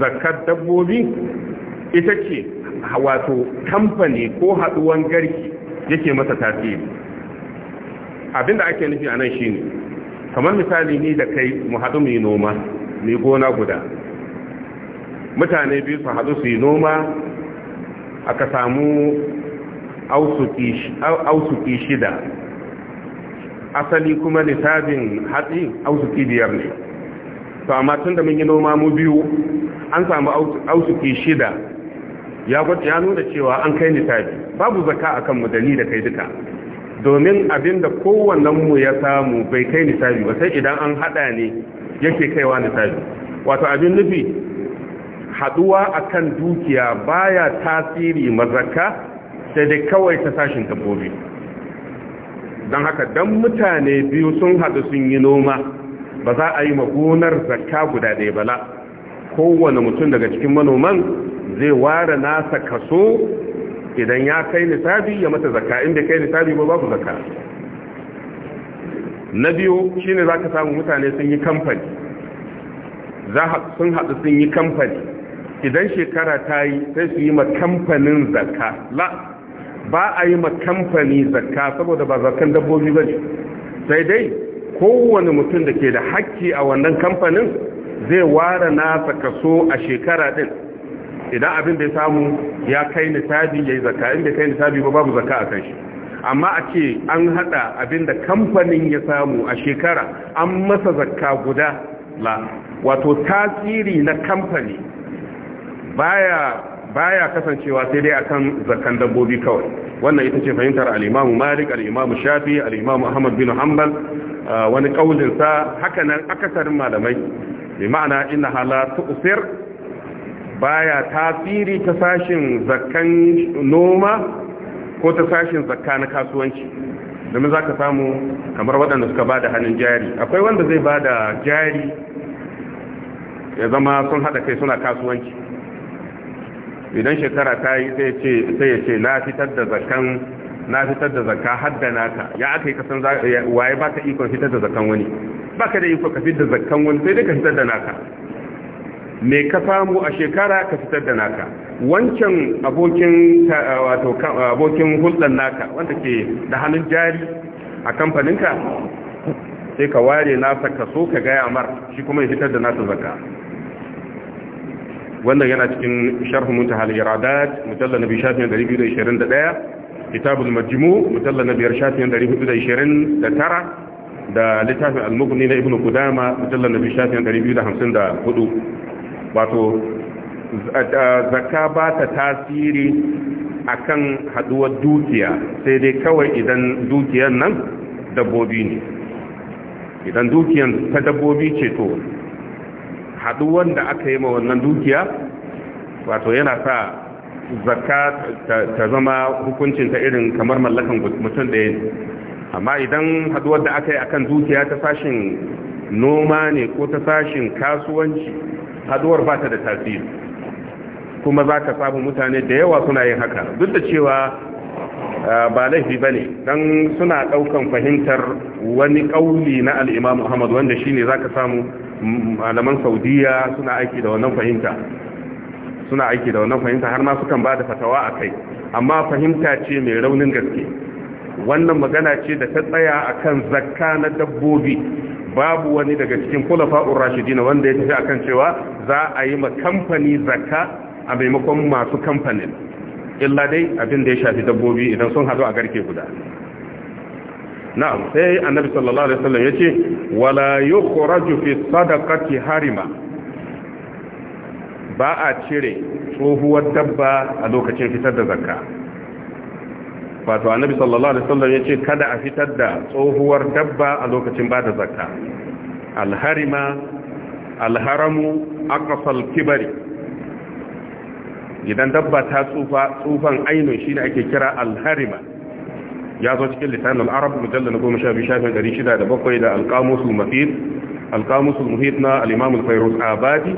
zakkar dabbobi ita ce wato kamfani ko haduwan garki yake masa tasiri abinda ake nufi anan shine kamar misali ni da kai mu haɗu mu yi noma mu gona guda mutane biyu su haɗu su yi noma aka samu ausuki shida asali kuma nisabin hatsi ausuki biyar ne to amma tun da mun yi noma mu biyu an samu ausuki shida ya nuna cewa an kai nisabi babu zaka a kan dani da kai duka domin abin da mu ya samu bai kai nisabi ba sai idan an hada ne yake kaiwa nisabi wato abin nufi haduwa akan dukiya baya tasiri mazaka sai dai kawai ta sashin dabbobi don haka dan mutane biyu sun hadu sun yi noma ba za a yi magonar zakka guda ɗaya bala kowane mutum daga cikin manoman zai ware nasa kaso idan ya kai nisabi ya mata zakka inda kai nisabi ba babu zakka na biyu shine zaka samu mutane sun yi kamfani sun haɗu sun yi kamfani idan shekara ta yi sai su yi ma kamfanin zakka la ba a yi ma kamfani zakka saboda ba zakkan dabbobi ba ne sai dai kowane mutum da ke da hakki a wannan kamfanin zai ware nasa kaso a shekara din idan abin da ya samu ya kai nisabi ya yi zakka inda kai nisabi ba babu zakka a kan shi amma a ce an hada abin da kamfanin ya samu a shekara an masa zakka guda la wato tasiri na kamfani baya baya kasancewa sai dai akan zakan dabbobi kawai wannan ita ce fahimtar al-Imam Malik al Shafi al-Imam Ahmad bin Hanbal uh, wani kaulin sa haka nan akasarin malamai bi ma'ana inna hala tu'sir baya tasiri ta sashin zakan noma ko ta sashin zakka na kasuwanci domin zaka samu kamar waɗanda suka bada hannun jari akwai wanda zai bada jari ya zama sun hada kai suna kasuwanci idan shekara ta yi sai ya ce na fitar da zakan na fitar da zakka haddana ka ya aka yi kasan waye ba ka ikon fitar da zakan wani ba ka da ikon ka fitar da zakan wani sai dai ka fitar da naka me ka samu a shekara ka fitar da naka wancan abokin wato abokin hulɗar naka wanda ke da hannun jari a kamfaninka sai ka ware nasa kaso ka gaya mar shi kuma ya fitar da nasa zakka wannan yana cikin sharh muntahal iradat mujallal nabi shafin 221 kitabul majmu mujallal nabi shafin 429 da littafin al-mughni na ibnu qudama mujallal nabi shafin 254 wato zakka ba ta tasiri akan haduwar dukiya sai dai kawai idan dukiyar nan dabbobi ne idan dukiyan ta dabbobi ce to haɗu wanda aka yi ma wannan dukiya wato yana sa zakka ta zama hukuncin ta irin kamar mallakan mutum da ya amma idan haɗuwar da aka yi akan dukiya ta sashin noma ne ko ta sashin kasuwanci haɗuwar ba ta da tasiri kuma za ka samu mutane da yawa suna yin haka duk da cewa ba laifi ba ne don suna ɗaukan fahimtar wani ƙauli na al'imam muhammad wanda shi ne za ka samu malaman saudiya suna aiki da wannan fahimta suna aiki da wannan fahimta har ma sukan ba da fatawa a kai amma fahimta ce mai raunin gaske wannan magana ce da ta tsaya a kan zakka na dabbobi babu wani daga cikin kulafa'ur rashidina wanda ya tafi a kan cewa za a yi ma kamfani zakka a maimakon masu kamfanin illa dai abin da ya shafi dabbobi idan sun hadu a garke guda na'am sai annabi sallallahu alaihi wasallam yace wala yukhraju fi sadaqati harima ba a cire tsohuwar dabba a lokacin fitar da zakka wato annabi sallallahu alaihi wasallam yace kada a fitar da tsohuwar dabba a lokacin ba da zakka alharima alharamu aqsal kibari idan dabba ta tsufa tsufan ainun shine ake kira alharima ya zo cikin lisanul arab mujallal na goma sha biyu shafin ɗari shida da bakwai da alƙamusul mafid alƙamusul muhit na al'imamul fairuz abadi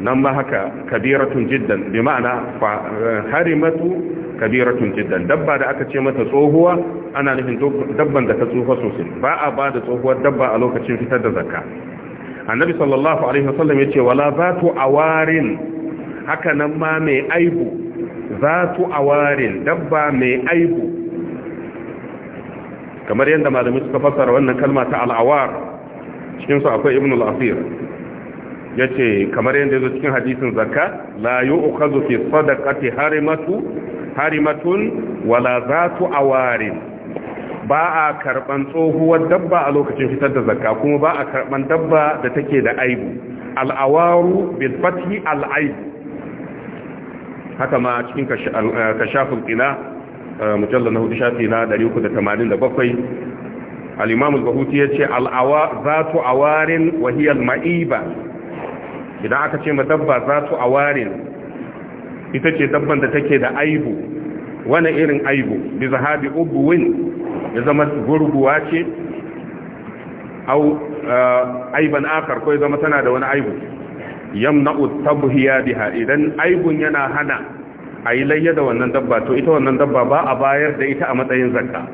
nan ma haka kabiratun jiddan bi ma'ana eh, harimatu kabiratun jiddan dabba da aka ce mata tsohuwa ana nufin dabban da ta tsufa sosai ba a ba da tsohuwar dabba a lokacin fitar da zakka annabi sallallahu alaihi wasallam ya ce wala zatu awarin haka nan ma mai aibu zatu awarin dabba mai aibu kamar yadda malami suka fassara wannan kalma ta al'awar cikinsu akwai ibn al'asir ya ce kamar yadda ya zo cikin hadisin zakka layu yi ukazu sadakati harimatun wala za su ba a karban tsohuwar dabba a lokacin fitar da zakka kuma ba a karban dabba da take da aibu al'awaru bilfati fathi al'aibu haka ma cikin kashafin ina mujallar na hudu shafi na 387 al-imam al-bahuti ya ce al'awa za tu warin wahiyar ma'iba idan aka ce ma dabba za tu awarin ita ce dabban da take da aibu wani irin aibu bi zahabi ubuwin ya zama gurguwa ce au aiban akar ko ya zama tana da wani aibu yamna'u tabhiya biha idan aibun yana hana a yi layya da wannan dabba to ita wannan dabba ba a bayar da ita a matsayin zakka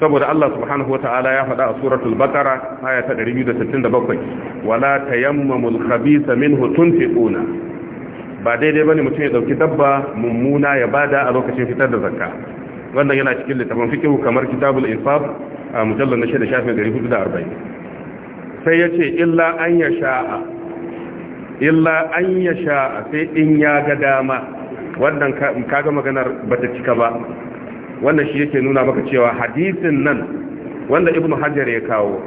saboda Allah subhanahu wa ta'ala ya faɗa a suratul baqara aya ta 267 wala tayammamul khabitha minhu tunfiquna ba daidai bane mutum ya dauki dabba mummuna ya bada a lokacin fitar da zakka wannan yana cikin littafin fiqh kamar kitabul infaq a mujallal na 6 shafin 440 sai yace illa an yasha illa an yasha sai in ya ga dama wannan kaga maganar bata cika ba wannan shi yake nuna maka cewa hadisin nan wanda ibn hajar ya kawo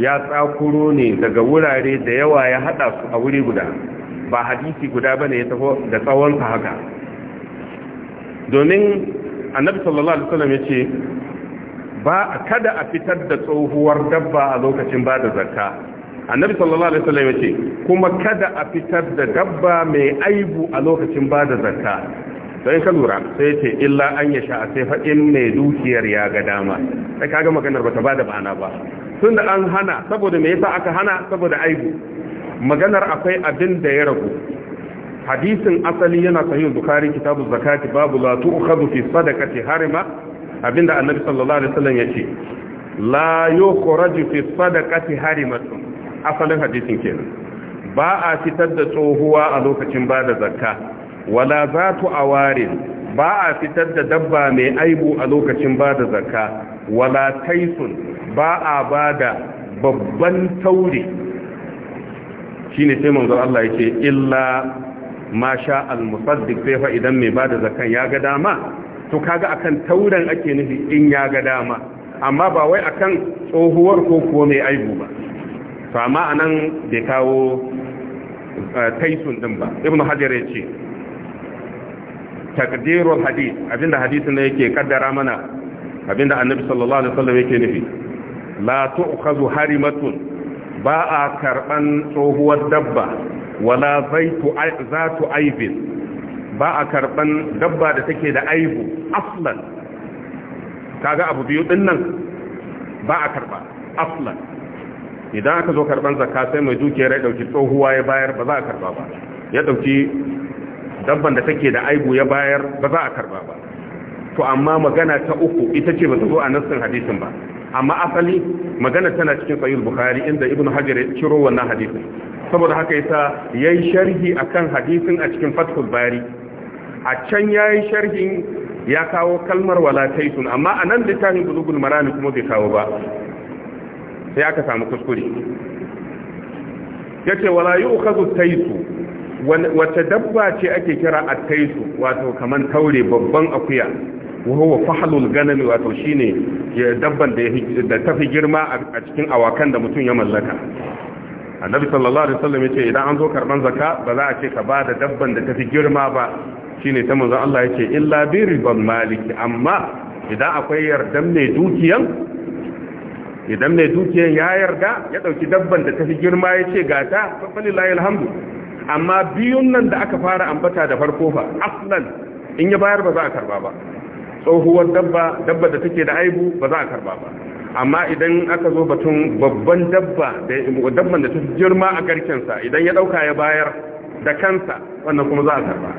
ya tsakuro ne daga wurare da yawa ya hada su a wuri guda ba hadisi guda bane ya taho da tsawon sa haka domin annabi sallallahu alaihi wasallam yace ba kada a fitar da tsohuwar dabba a lokacin ba da zakka annabi sallallahu alaihi wasallam yace kuma kada a fitar da dabba mai aibu a lokacin bada zakka sai ka lura sai yace illa an yasha sai fa mai dukiyar ya ga dama sai kaga maganar bata bada ba'ana ba tunda an hana saboda me yasa aka hana saboda aibu maganar akwai abin da ya ragu hadisin asali yana sahih bukhari kitabu zakati babu la tu'khadhu fi sadaqati harima abinda annabi sallallahu alaihi wasallam yace la yukhraju fi sadaqati harimatun asalin hadisin ke ba a fitar da tsohuwa a lokacin ba da zakka wala za tu awarin ba a fitar da dabba mai aibu a lokacin ba da zakka wala taisun ba a ba da babban taure shi ne sai manzo Allah yake illa ma sha al-musaddiq sai fa idan mai ba da zakkan ya ga dama to kaga akan tauren ake nufi in ya ga dama amma ba wai akan tsohuwar ko kuwa mai aibu ba to amma nan bai kawo eh, taisun din ba ibn hajar ya ce takdirul hadis, abinda hadisin da yake kaddara mana abinda annabi sallallahu alaihi wasallam yake nufi la tu'khadhu harimatun ba a karban tsohuwar dabba wala zaitu zatu aibin ba a karban dabba da take da aibu aslan kaga abu biyu dinnan ba a karba aslan idan aka zo karban zakka sai mai dukiyar ya dauki tsohuwa ya bayar ba za a karba ba ya dauki dabban da take da aibu ya bayar ba za a karba ba to amma magana ta uku ita ce ba ta zo a nassin hadisin ba amma asali magana tana cikin sahih bukhari inda ibnu hajar ya ciro wannan hadisin saboda haka yasa yayi sharhi akan hadisin a cikin fathul bari a can yayi sharhin ya kawo kalmar wala taitun amma a nan littafin bulugul kuma bai kawo ba sai aka samu kuskure yace wala yu'khadhu taisu wata dabba ce ake kira at-taisu wato kaman taure babban akuya wa fahlul ganam wato shine dabban da da tafi girma a cikin awakan da mutum ya mallaka annabi sallallahu alaihi wasallam yace idan an zo karban zaka ba za a ce ka ba da dabban da tafi girma ba shine ta manzon Allah yace illa bi riban maliki amma idan akwai yardan mai dukiyan idan mai dukiyar ya yarda ya ɗauki dabban da ta fi girma ya ce ga ta falilayi alhamdu amma biyun nan da aka fara ambata da farko fa aslan in ya bayar ba za a karba ba tsohuwar dabba dabba da take da aibu ba za a karba ba amma idan aka zo batun babban dabba da dabban da ta fi girma a garkensa idan ya ɗauka ya bayar da kansa wannan kuma za a karba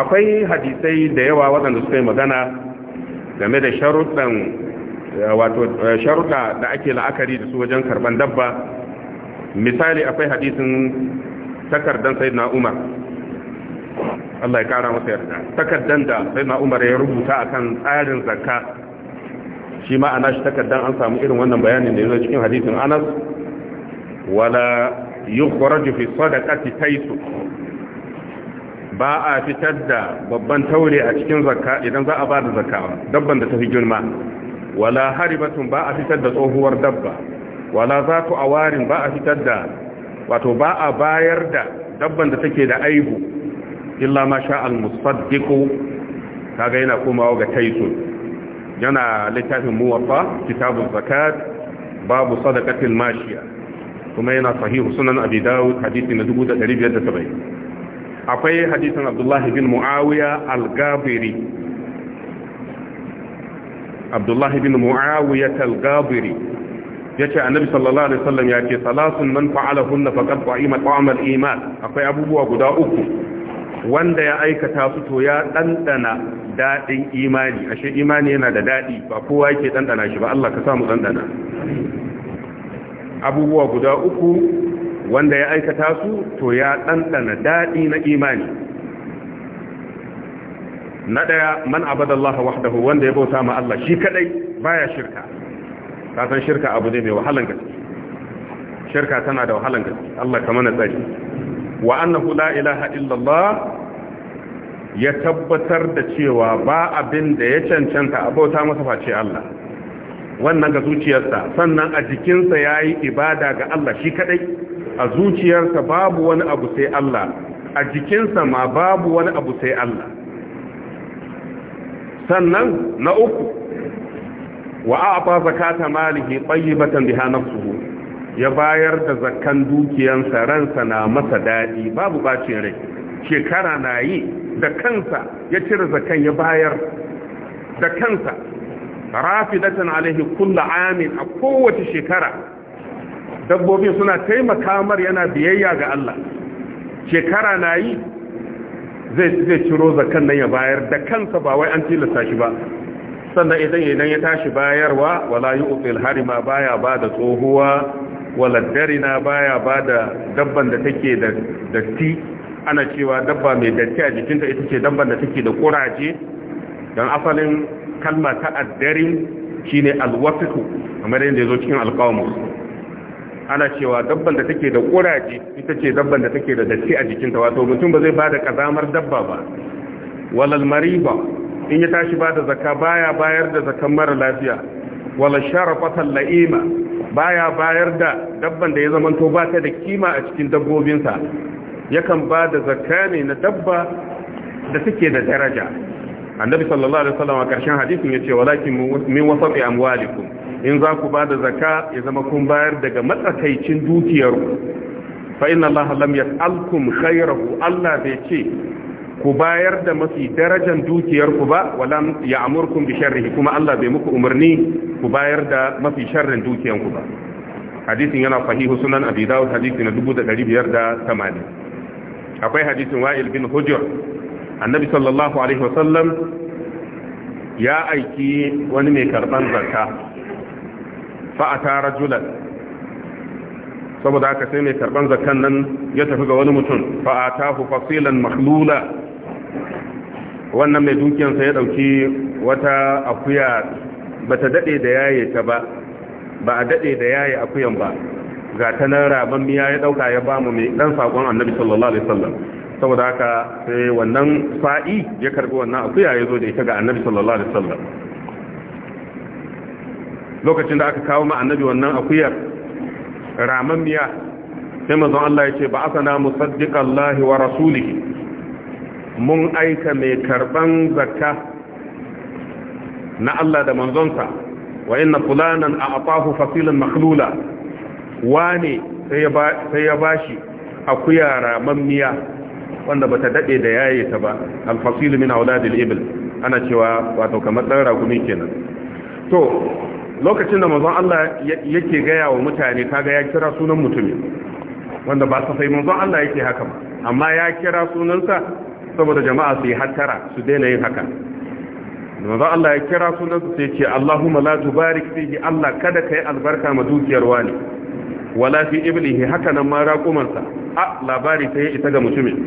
akwai hadisai da yawa waɗanda suka yi magana game da sharuɗan wato eh, sharuɗa da ake la'akari da su wajen karban dabba misali akwai hadisin takardan na umar Allah ya kara masa yarda takardan da na umar ya rubuta akan tsarin zakka shi ma ana shi takardan an samu irin wannan bayanin da yazo cikin hadisin Anas wala yukhraju fi sadaqati taisu, ba a fitar da babban taure a cikin zakka idan za a ba da zakka dabban da ta fi girma wala haribatun ba a fitar da tsohuwar dabba wala za ku a warin ba a fitar da wato ba a bayar da dabban da take da aibu illa masha sha al-musaddiqu kaga yana komawa ga taisun yana littafin muwaffa kitabun zakat babu sadaqatil mashiya kuma yana sahihu sunan abi dawud hadisi na 1570 akwai hadisin abdullahi bin muawiya al-gabiri abdullahi bin mu'awiyat al-gabiri yace annabi sallallahu alaihi wasallam yace salasun man fa'alahunna faqad qa'ima ta'amal iman akwai abubuwa guda uku wanda ya aikata su to ya dandana dadin imani ashe imani yana da dadi ba kowa yake dandana shi ba Allah ka samu dandana abubuwa guda uku wanda ya aikata su to ya dandana dadi na imani na ɗaya man abadallaha wahdahu wanda ya bauta ma Allah shi kadai baya shirka ka san shirka abu ne mai wahalan gaske shirka tana da wahalan gaske Allah ka mana tsari wa annahu la ilaha illallah ya tabbatar da cewa ba abin da ya cancanta a bauta masa face Allah wannan ga zuciyarsa sannan a jikinsa yayi ibada ga Allah shi kadai a zuciyarsa babu wani abu sai Allah a jikinsa ma babu wani abu sai Allah sannan na uku wa a'ta zakata malihi tayyibatan biha nafsuhu ya bayar da zakkan dukiyansa ransa na masa dadi babu bacin rai shekara na da kansa ya cire zakan ya bayar da kansa rafidatan alaihi kullu amin a kowace shekara dabbobin suna taimaka mar yana biyayya ga Allah shekara na yi zai ciro zakan nan ya bayar da kansa ba wai an tilasta shi ba sannan idan idan ya tashi bayarwa wala yu'til harima baya ba da tsohuwa wala darina baya ba da dabban da take da datti ana cewa dabba mai datti a jikinta ita ce dabban da take da kuraje dan asalin kalma ta addarin shine alwafiku kamar yadda zo cikin alqamus ana cewa dabban da take da kuraje ita ce dabban da take da datti a jikinta wato mutum ba zai ba da kazamar dabba ba walal mariba in ya tashi ba da zakka baya bayar da zakan mara lafiya wala sharafatan la'ima baya bayar da dabban da ya zamanto ba ta da kima a cikin dabbobinsa yakan ba da zakka ne na dabba da take da daraja annabi sallallahu alaihi wasallam a ƙarshen hadisin ce walakin min wasati amwalikum in za ku ba da zaka ya zama kun bayar daga matsakaicin dukiyarku fa inna allaha lam yas'alkum khayrahu allah bai ce ku bayar da mafi darajan dukiyarku ba walam ya'murkum bi sharrihi kuma allah bai muku umarni ku bayar da mafi sharrin dukiyanku ba hadisin yana sahihu sunan abi dawud hadisi na 1580 akwai hadisin wa'il bin hujr annabi sallallahu alaihi wasallam ya aiki wani mai karban zakka fa'ata rajulan saboda haka sai mai karban zakan nan ya tafi ga wani mutum fa'atahu fasilan makhlula wannan mai dukiyansa ya dauki wata akuya ba ta dade da yaye ta ba ba a dade da yaye akuyan ba ga ta nan raban miya ya dauka ya bamu mai dan sakon annabi sallallahu alaihi wasallam saboda haka sai wannan fa'i ya karbi wannan akuya ya zo da ita ga annabi sallallahu alaihi wasallam lokacin da aka kawo ma annabi wannan akuyar miya sai mazan Allah ya ce ba asana musaddiqan Allah wa rasulihi mun aika mai karɓan zakka na Allah da manzonsa wa ina fulanan a atahu fasilin makhlula wane sai ya bashi akuya miya wanda bata daɗe da yaye ta ba alfasil min auladil ibil ana cewa wato kamar ɗan ragumi kenan to lokacin da manzon Allah yake gaya wa mutane kaga ya kira sunan mutumin wanda ba safai manzon Allah yake haka ba amma ya kira sunansa saboda jama'a su yi hattara su daina yin haka manzon Allah ya kira sunansa sai ce Allahumma la tubarik fihi Allah kada kai albarka ma dukiyar wani wala fi iblihi haka nan ma raqumansa a labari sai ita ga mutumin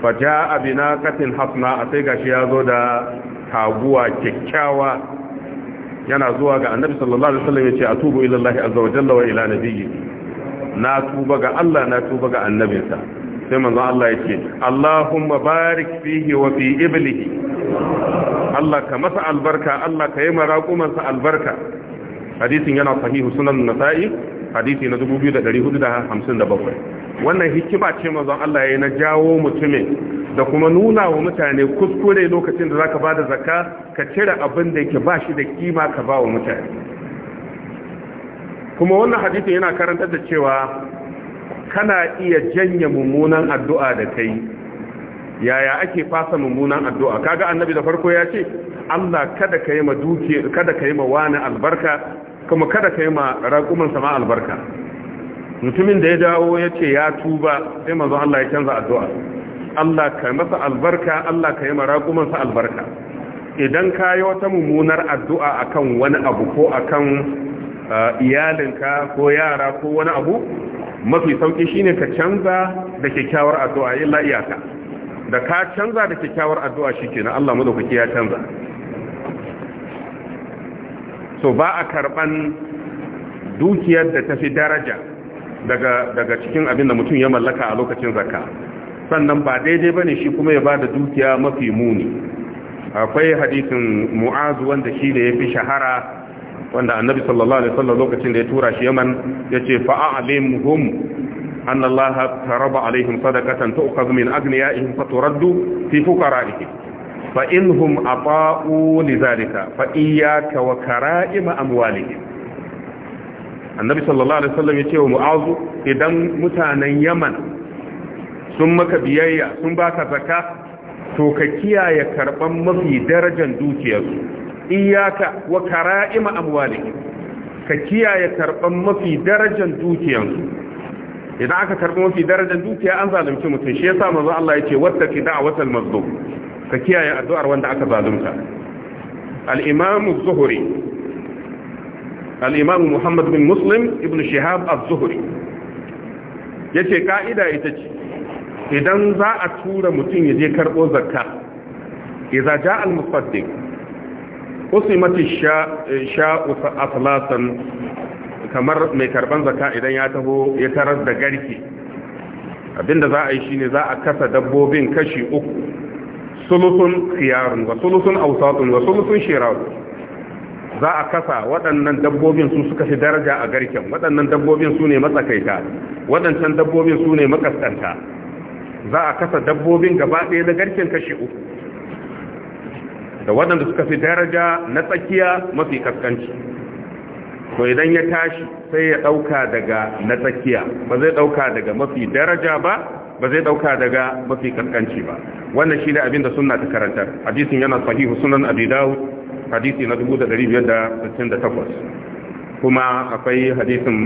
faja'a binaqatin hasna sai gashi ya zo da taguwa kyakkyawa yana zuwa ga annabi sallallahu alaihi wasallam yace atubu ila Allah azza wa jalla wa ila nabiyyi na tuba ga Allah na tuba ga annabinsa sai manzon Allah yace Allahumma barik fihi wa fi iblihi Allah ka masa albarka Allah ka yi maraƙumansa albarka hadisin yana sahihu sunan nasa'i hadisi na 2457 wannan hikima ce mazan Allah ya yi na jawo mutumin da kuma nuna wa mutane kuskure lokacin da za ka ba da zaka ka cire abin da yake shi da kima ka ba wa mutane kuma wannan hadisi yana karantar da cewa kana iya janye mummunan addu'a da kai yaya ake fasa mummunan addu'a kaga annabi da farko ya ce Allah kada ka yi kada ka yi ma wani albarka kuma kada ka yi ma raƙuman sama albarka mutumin da ya dawo ya ce ya tuba sai manzo Allah ya canza addu'a Allah ka masa albarka Allah ka yi ma raƙuman albarka idan ka yi wata mummunar addu'a akan wani abu ko akan iyalinka ko yara ko wani abu mafi sauki shine ka canza da kyakkyawar addu'a illa iyaka da ka canza da kyakkyawar addu'a shi shikenan Allah madaukaki ya canza so ba a karban dukiyar da tafi daraja daga cikin abin da mutum ya mallaka a lokacin zakka sannan ba daidai ba ne shi kuma ya ba da dukiya mafi muni akwai hadisin mu'azu wanda shi ne yafi shahara wanda annabi sallallahu alaihi wasallam lokacin da ya tura shi Yaman yace fa'alimhum anna Allah taraba alaihim sadaqatan agniya min agniyaihim faturaddu fi fuqara'ihim fa a aba'u lidhalika fa iyyaka wa kara'im amwalihim annabi sallallahu alaihi wasallam ce wa mu'azu idan mutanen yaman sun maka biyayya sun baka zakka to ka kiyaye karɓar mafi darajar dukiyarsu iyyaka wa kara'im amwalihim ka kiyaye karɓar mafi darajar dukiyarsu idan aka karbi mafi darajar dukiya an zalunci mutum shi ya yasa manzo Allah yace wattaqi da'watal mazlum ka kiyaye addu'ar wanda aka zalunta al-imam az-zuhri al-imam muhammad bin muslim ibn shihab az-zuhri yace ka'ida ita ce idan za a tura mutum ya je karbo zakka iza ja al-musaddiq usimati shau kamar mai karɓan zakka idan ya taho ya tarar da garki abinda za a yi shine za a kasa dabbobin kashi uku sulusun khiyarun wa sulusun awsatun wa sulusun shirar za a kasa waɗannan dabbobin su suka fi daraja a garken waɗannan dabbobin su ne matsakaita waɗancan dabbobin su ne makaskanta za a kasa dabbobin gaba ɗaya na garken kashi uku da waɗanda suka fi daraja na tsakiya mafi kaskanci to idan ya tashi sai ya ɗauka daga na tsakiya ba zai ɗauka daga mafi daraja ba ba zai dauka daga mafi karkanci ba wannan shi ne abinda da sunna ta karantar hadisin yana sahihu sunan abi dawud hadisi na 1568 kuma akwai hadisin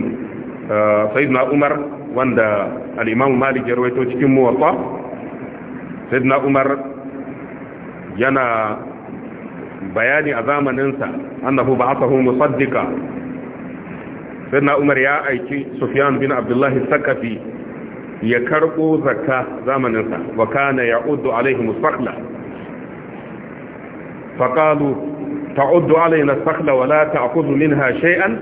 eh, sayyidina umar wanda al-imam malik ya rawaito cikin muwatta sayyidina umar yana bayani a zamaninsa annahu ba'athahu musaddiqa sayyidina umar ya aiki sufyan bin abdullahi sakafi ya karbo zakka zamaninsa wa kana ya'uddu alaihim sakhla faqalu ta'uddu alaina sakhla wa la ta'khudhu minha shay'an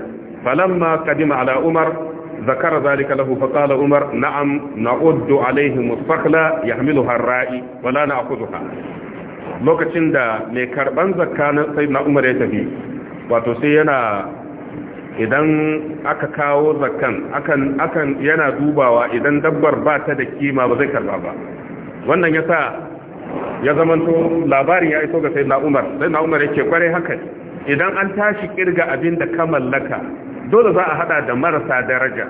falamma qadima ala umar ذكر ذلك له فقال عمر نعم نعد عليهم الصخلة يحملها الرائي ولا نأخذها لوكتين دا مي كربان زكانا سيدنا عمر يتفي sai yana. idan aka kawo zakan akan akan yana dubawa idan dabbar ba ta da kima ba zai karba ba wannan yasa ya zamanto labarin ya iso ga sai na umar sai na umar yake kware haka idan an tashi kirga abin da ka mallaka dole za a hada da marasa daraja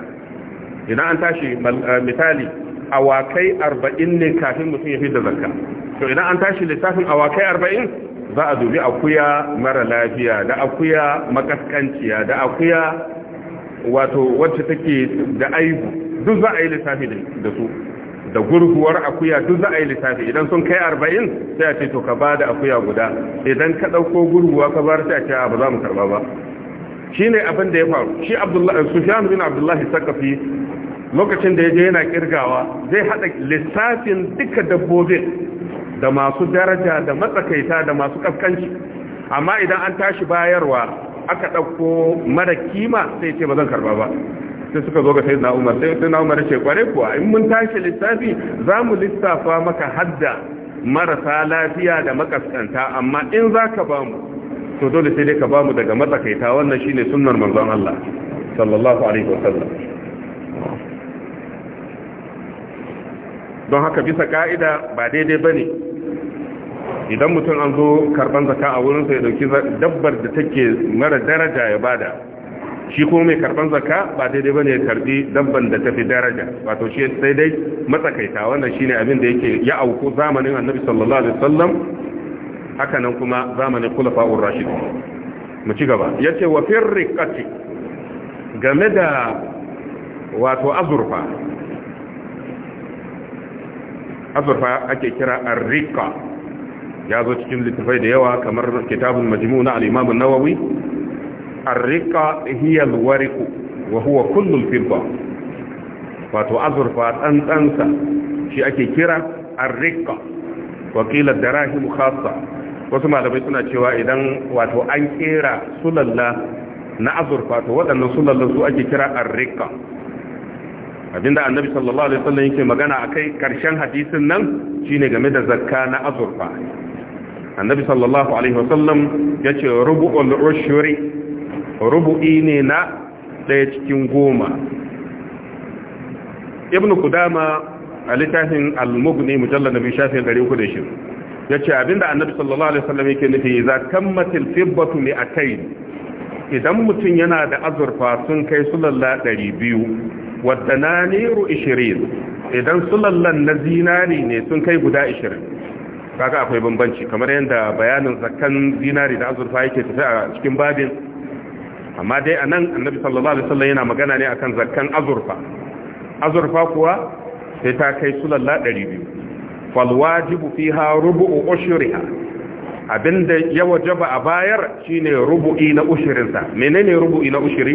idan an tashi eh, misali awakai arba'in ne kafin mutum ya fi da zakka to idan an tashi littafin awakai arba'in za a dubi akuya mara lafiya da akuya makaskanciya da akuya wato wacce take da aibu duk za a yi lissafi da su da gurguwar akuya duk za a yi lissafi idan sun kai arba'in sai a ce to ka ba da akuya guda idan ka ɗauko gurguwa ka bar sai a ce ba za mu karba ba shi ne abin da ya faru shi abdullahi sufyan bin abdullahi sakafi lokacin da ya je yana kirgawa zai haɗa lissafin duka dabbobin da masu daraja da matsakaita da masu kafkanci amma idan an tashi bayarwa aka ɗauko mara kima sai ce ba zan karba ba sai suka zo ga sai na umar sai sai na umar ce kware kuwa in mun tashi lissafi za mu lissafa maka hadda marasa lafiya da makaskanta amma in za ka ba mu to dole sai dai ka ba mu daga matsakaita wannan shine sunnar manzon Allah sallallahu alaihi wasallam don haka bisa ka'ida ba daidai ba ne idan mutum an zo karban zaka a wurinsa ya dauki dabbar da take mara daraja ya bada shi ko mai karban zaka ba daidai ba ne ya karbi dabban da tafi daraja wato shi sai dai matsakaita wannan shine abin da yake ya auku zamanin Annabi sallallahu alaihi wasallam haka nan kuma zamanin khulafa'ur rashidin mu ci gaba yace wa firriqati game da wato azurfa azurfa ake kira arrika ya zo cikin littafai da yawa kamar kitabun Majimu na al nawawi arrika hiya al wa huwa wato azurfa tsantsansa shi ake kira arrika wa qila darahim wasu malamai suna cewa idan wato an kera sulalla na azurfa to waɗannan sulallan su ake kira arrika abinda annabi sallallahu alaihi wasallam yake magana akai karshen hadisin nan shine game da zakka na azurfa annabi sallallahu alaihi wasallam yace rubu'ul ushuri rubu'i ne na daya cikin goma ibn kudama a littafin al-mughni mujallad nabi shafi 320 yace abinda annabi sallallahu alaihi wasallam yake nufi idza kammatil fibbatu li atayn idan mutun yana da azurfa sun kai sulalla 200 wadda na neru idan sulallan na zinari ne sun kai guda 20 kaga akwai bambanci kamar yadda bayanin zakan zinari da azurfa yake tafi a cikin babin amma dai a nan annabi sallallahu alaihi wasallam yana magana ne akan zakan azurfa azurfa kuwa sai ta kai sulalla 200 wajibu fiha rubu'u ushriha abinda ya wajaba a bayar shine rubu'i na ushirinsa menene rubu'i na ushiri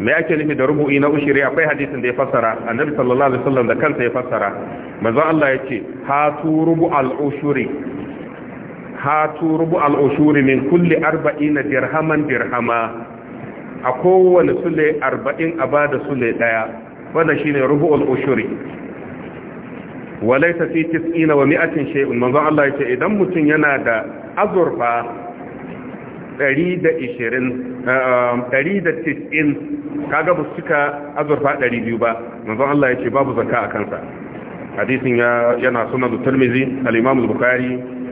me ake nufi da rubu'i na ushiri akwai hadisin da ya fassara annabi sallallahu alaihi wasallam da kansa ya fassara manzon Allah yace hatu rubu al-ushuri hatu rubu al-ushuri min kulli 40 dirhaman dirhama a kowane sule 40 a bada sule daya wannan shine rubu al-ushuri walaysa fi 90 wa 100 shay'un manzon Allah yace idan mutun yana da azurfa 190 eh, kaga ba suka azurfa 200 ba manzon Allah ya ce babu zakka a kansa hadisin yana sunan Tirmidhi al-Imam al-Bukhari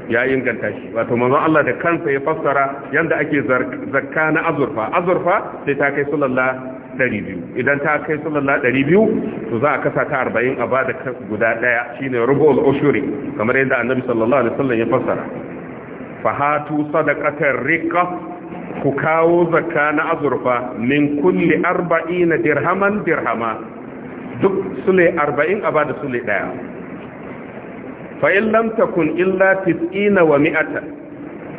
ya inganta shi wato manzon Allah da kansa ya fassara yanda ake zakka na azurfa azurfa sai ta kai sallallahu 200 idan ta kai sallallahu 200 to za a kasa ta 40 a ba da guda daya shine rubul ushuri kamar yadda annabi sallallahu alaihi wasallam ya fassara fahatu sadaqatar riqa ku kawo zakka na azurfa min kulli arba'ina dirhaman dirhama duk sule arba'in a ba bada sule ɗaya. fa in lam takun illa tis'ina wa mi'ata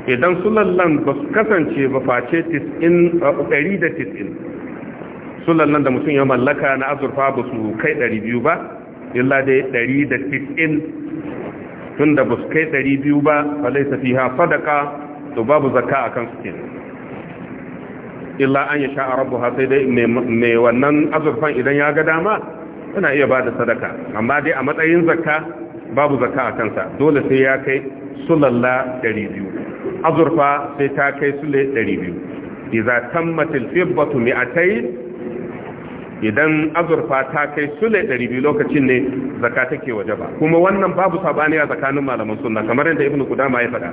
idan sulallan ba su kasance ba face tis'in ɗari da tis'in sulallan da mutum ya mallaka na azurfa ba su kai ɗari biyu ba illa dai ɗari da tis'in tunda ba su kai 200 ba fi ha sadaka to babu zakka a kan suke. illa an yasha rabbuha sai dai me wannan azurfan idan ya ga dama yana iya bada sadaka amma dai a matsayin zakka babu zakka a kansa dole sai ya kai sulalla 200 azurfa sai ta kai sule 200 idza tammatil fibbatu mi'atayn idan azurfa ta kai sule 200 lokacin ne zakka take waje ba kuma wannan babu sabani a tsakanin malaman sunna kamar yadda ibnu qudama ya faɗa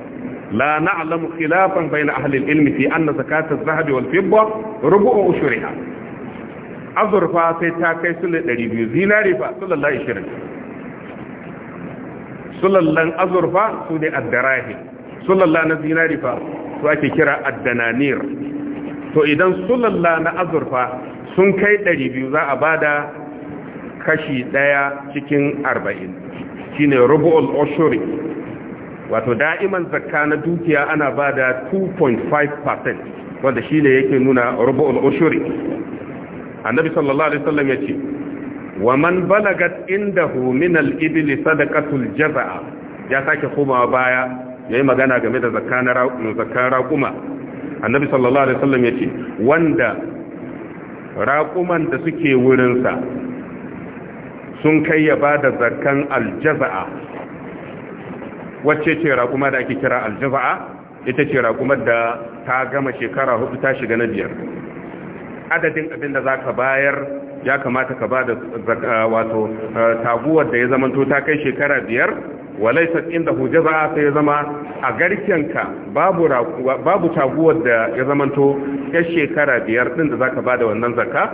la na'lamu khilafan bayna ahli al-ilm fi anna zakata adh-dhahabi wal-fidda rubu'u ushriha azurfa sai ta kai sule 200 zinari fa sallallahu 20 sulallan azurfa su ne addarahi sulalla na zinari fa su ake kira addananir to idan sulalla na azurfa sun kai ɗari biyu za a ba da kashi ɗaya cikin arba'in shi ne rubu'ul oshuri wato da'iman zakka na dukiya ana ba da 2.5% wanda shi ne yake nuna rubu'ul oshuri annabi sallallahu alaihi wasallam ya ce wa man balagat indahu min al-ibli sadaqatul jazaa ya sake komawa baya yayi magana game da zakka na zakka raquma annabi sallallahu alaihi wasallam ya ce wanda raƙuman da suke wurinsa sun kai ya ba da zarkan aljaza'a wacce ce raƙuma da ake kira aljaza'a ita ce raƙumar da ta gama shekara hudu ta shiga na biyar adadin abin da za ka bayar ya kamata ka ba da wato eh, taguwar da ya zamanto ta kai shekara biyar walaisat indahu jaza'a sai ya zama a garkenka babu babu taguwar da ya zamanto ya shekara biyar din da zaka bada wannan zakka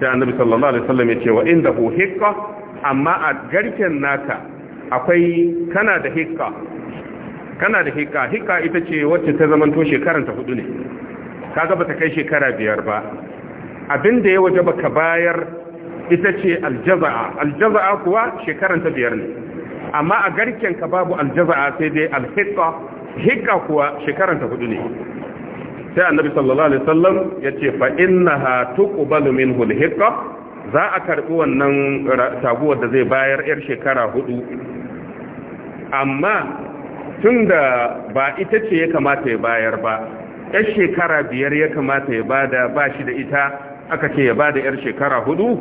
sai annabi sallallahu alaihi wasallam ya ce wa hu hikka amma a garken naka akwai kana da hikka kana da hikka hikka ita ce wacce ta zamanto ta hudu ne kaga bata kai shekara biyar ba abinda ya waje ka bayar ita ce aljaza'a aljaza'a kuwa ta biyar ne amma a garken ka babu aljaza'a sai dai alhiqa hiqa kuwa shekaran ta hudu ne sai annabi sallallahu alaihi wasallam yace fa innaha tuqbalu minhu alhiqa za a karbi wannan taguwar da zai bayar yar shekara hudu amma tunda ba ita ce ya kamata ya bayar ba yar shekara biyar ya kamata ya bada ba shi da ita aka ce ya bada yar shekara hudu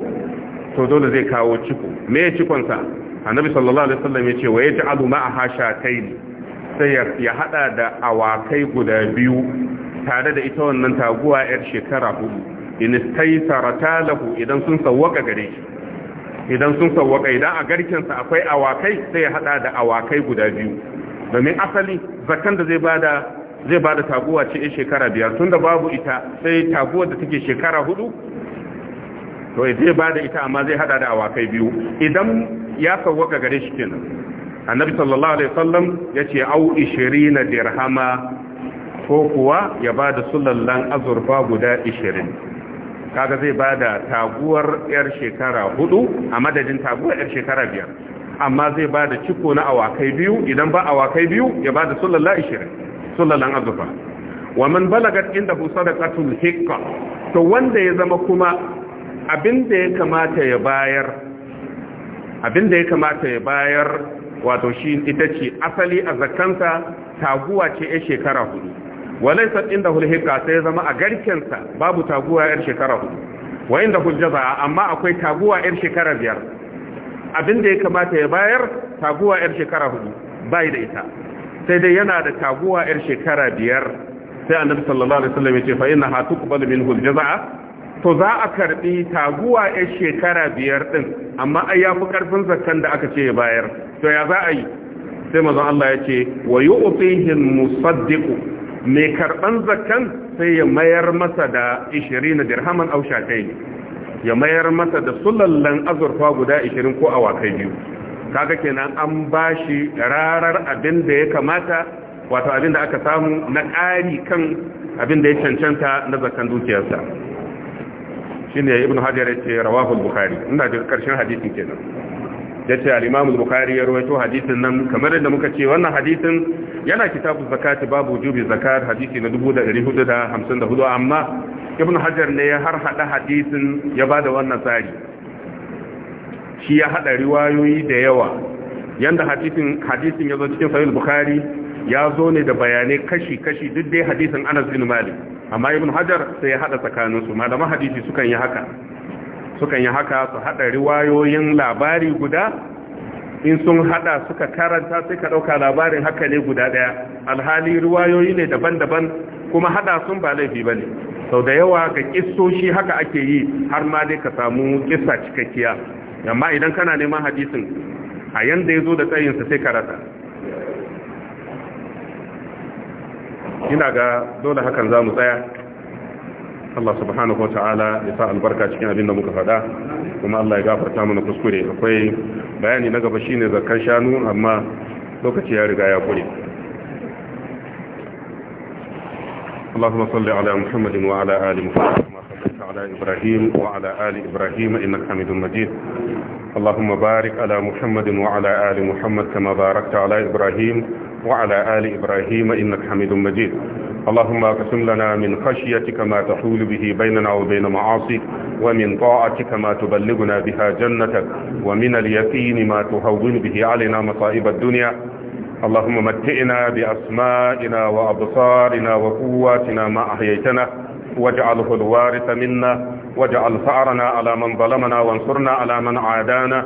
to dole zai kawo ciko me cikonsa annabi sallallahu alaihi wasallam yace wa yaj'alu ma'aha shatayn sai ya hada da awakai guda biyu tare da ita wannan taguwa yar shekara hudu in istaysarata lahu idan sun sawwaka gare shi idan sun sawwaka idan a garken sa akwai awakai sai ya hada da awakai guda biyu domin asali zakan da zai bada zai bada taguwa ce shekara biyar tunda babu ita sai taguwar da take shekara hudu to zai ba da ita amma zai hada da awakai biyu idan ya sauwaka gare shi kenan annabi sallallahu alaihi wasallam yace au 20 dirhama ko kuwa ya ba da sulallan azurfa guda 20 kaga zai ba da taguwar yar shekara hudu a madadin taguwar yar shekara biyar amma zai ba da ciko na awakai biyu idan ba awakai biyu ya ba da sulallan 20 sulallan azurfa wa man balagat indahu sadaqatul hikka to wanda ya zama kuma abin da ya kamata ya bayar abin da ya kamata ya bayar wato shi ita ce asali a zakanta taguwa ce ya shekara hudu walai sabbin da hulhika sai zama a garkensa babu taguwa yar shekara hudu wayin da hujjaza amma akwai taguwa yar shekara biyar abin da ya kamata ya bayar taguwa yar shekara hudu bai da ita sai dai yana da taguwa yar shekara biyar sai annabi sallallahu alaihi wasallam ya ce fa inna ha tuqbalu minhu aljaza to za a karbi taguwa ya shekara biyar din amma ai ya fi karfin zakkan da aka ce ya bayar to ya za a yi sai mazan Allah ya ce wa yu'tihi musaddiqu mai karban zakkan sai ya mayar masa da 20 dirhaman ausha kai ya mayar masa da sulallan azurfa guda 20 ko awakai biyu kaga kenan an bashi rarar abin da ya kamata wato abin da aka samu na ƙari kan abin da ya cancanta na zakan dukiyarsa shine ibn hajar yace rawahu al-bukhari inda da karshen hadisin kenan yace al-imam al-bukhari ya rawaito hadisin nan kamar yadda muka ce wannan hadisin yana kitabu zakati babu wujubi zakat hadisi na hudu amma ibn hajar ne ya har hada hadisin ya bada wannan tsari shi ya hada riwayoyi da yawa yanda hadisin hadisin yazo cikin sahih al-bukhari ya zo ne da bayanai kashi kashi duk dai hadisin Anas bin Malik amma ibn hajar sai ya hada su malaman hadisi sukan yi haka sukan yi haka su hada riwayoyin labari guda in sun hada suka karanta sai ka dauka labarin haka ne guda daya alhali riwayoyi ne daban-daban kuma hada sun ba laifi bane sau da yawa ga kissoshi haka ake yi har ma dai ka samu kissa cikakkiya amma idan kana neman hadisin a yanda yazo da tsayinsa sai ka rasa ina ga dole hakan zamu tsaya Allah subhanahu wataala ya sa albarka cikin abin da muka faɗa kuma Allah ya gafarta mana kuskure akwai bayani na gaba shine zakar shanu amma lokaci ya riga ya kure اللهم صل على محمد وعلى آل محمد كما صليت على إبراهيم وعلى آل إبراهيم إنك حميد مجيد اللهم بارك على محمد وعلى آل محمد كما باركت على إبراهيم وعلى آل إبراهيم إنك حميد مجيد اللهم اقسم لنا من خشيتك ما تحول به بيننا وبين معاصيك ومن طاعتك ما تبلغنا بها جنتك ومن اليقين ما تهون به علينا مصائب الدنيا اللهم متئنا بأسمائنا وأبصارنا وقواتنا ما أحييتنا واجعله الوارث منا واجعل ثأرنا على من ظلمنا وانصرنا على من عادانا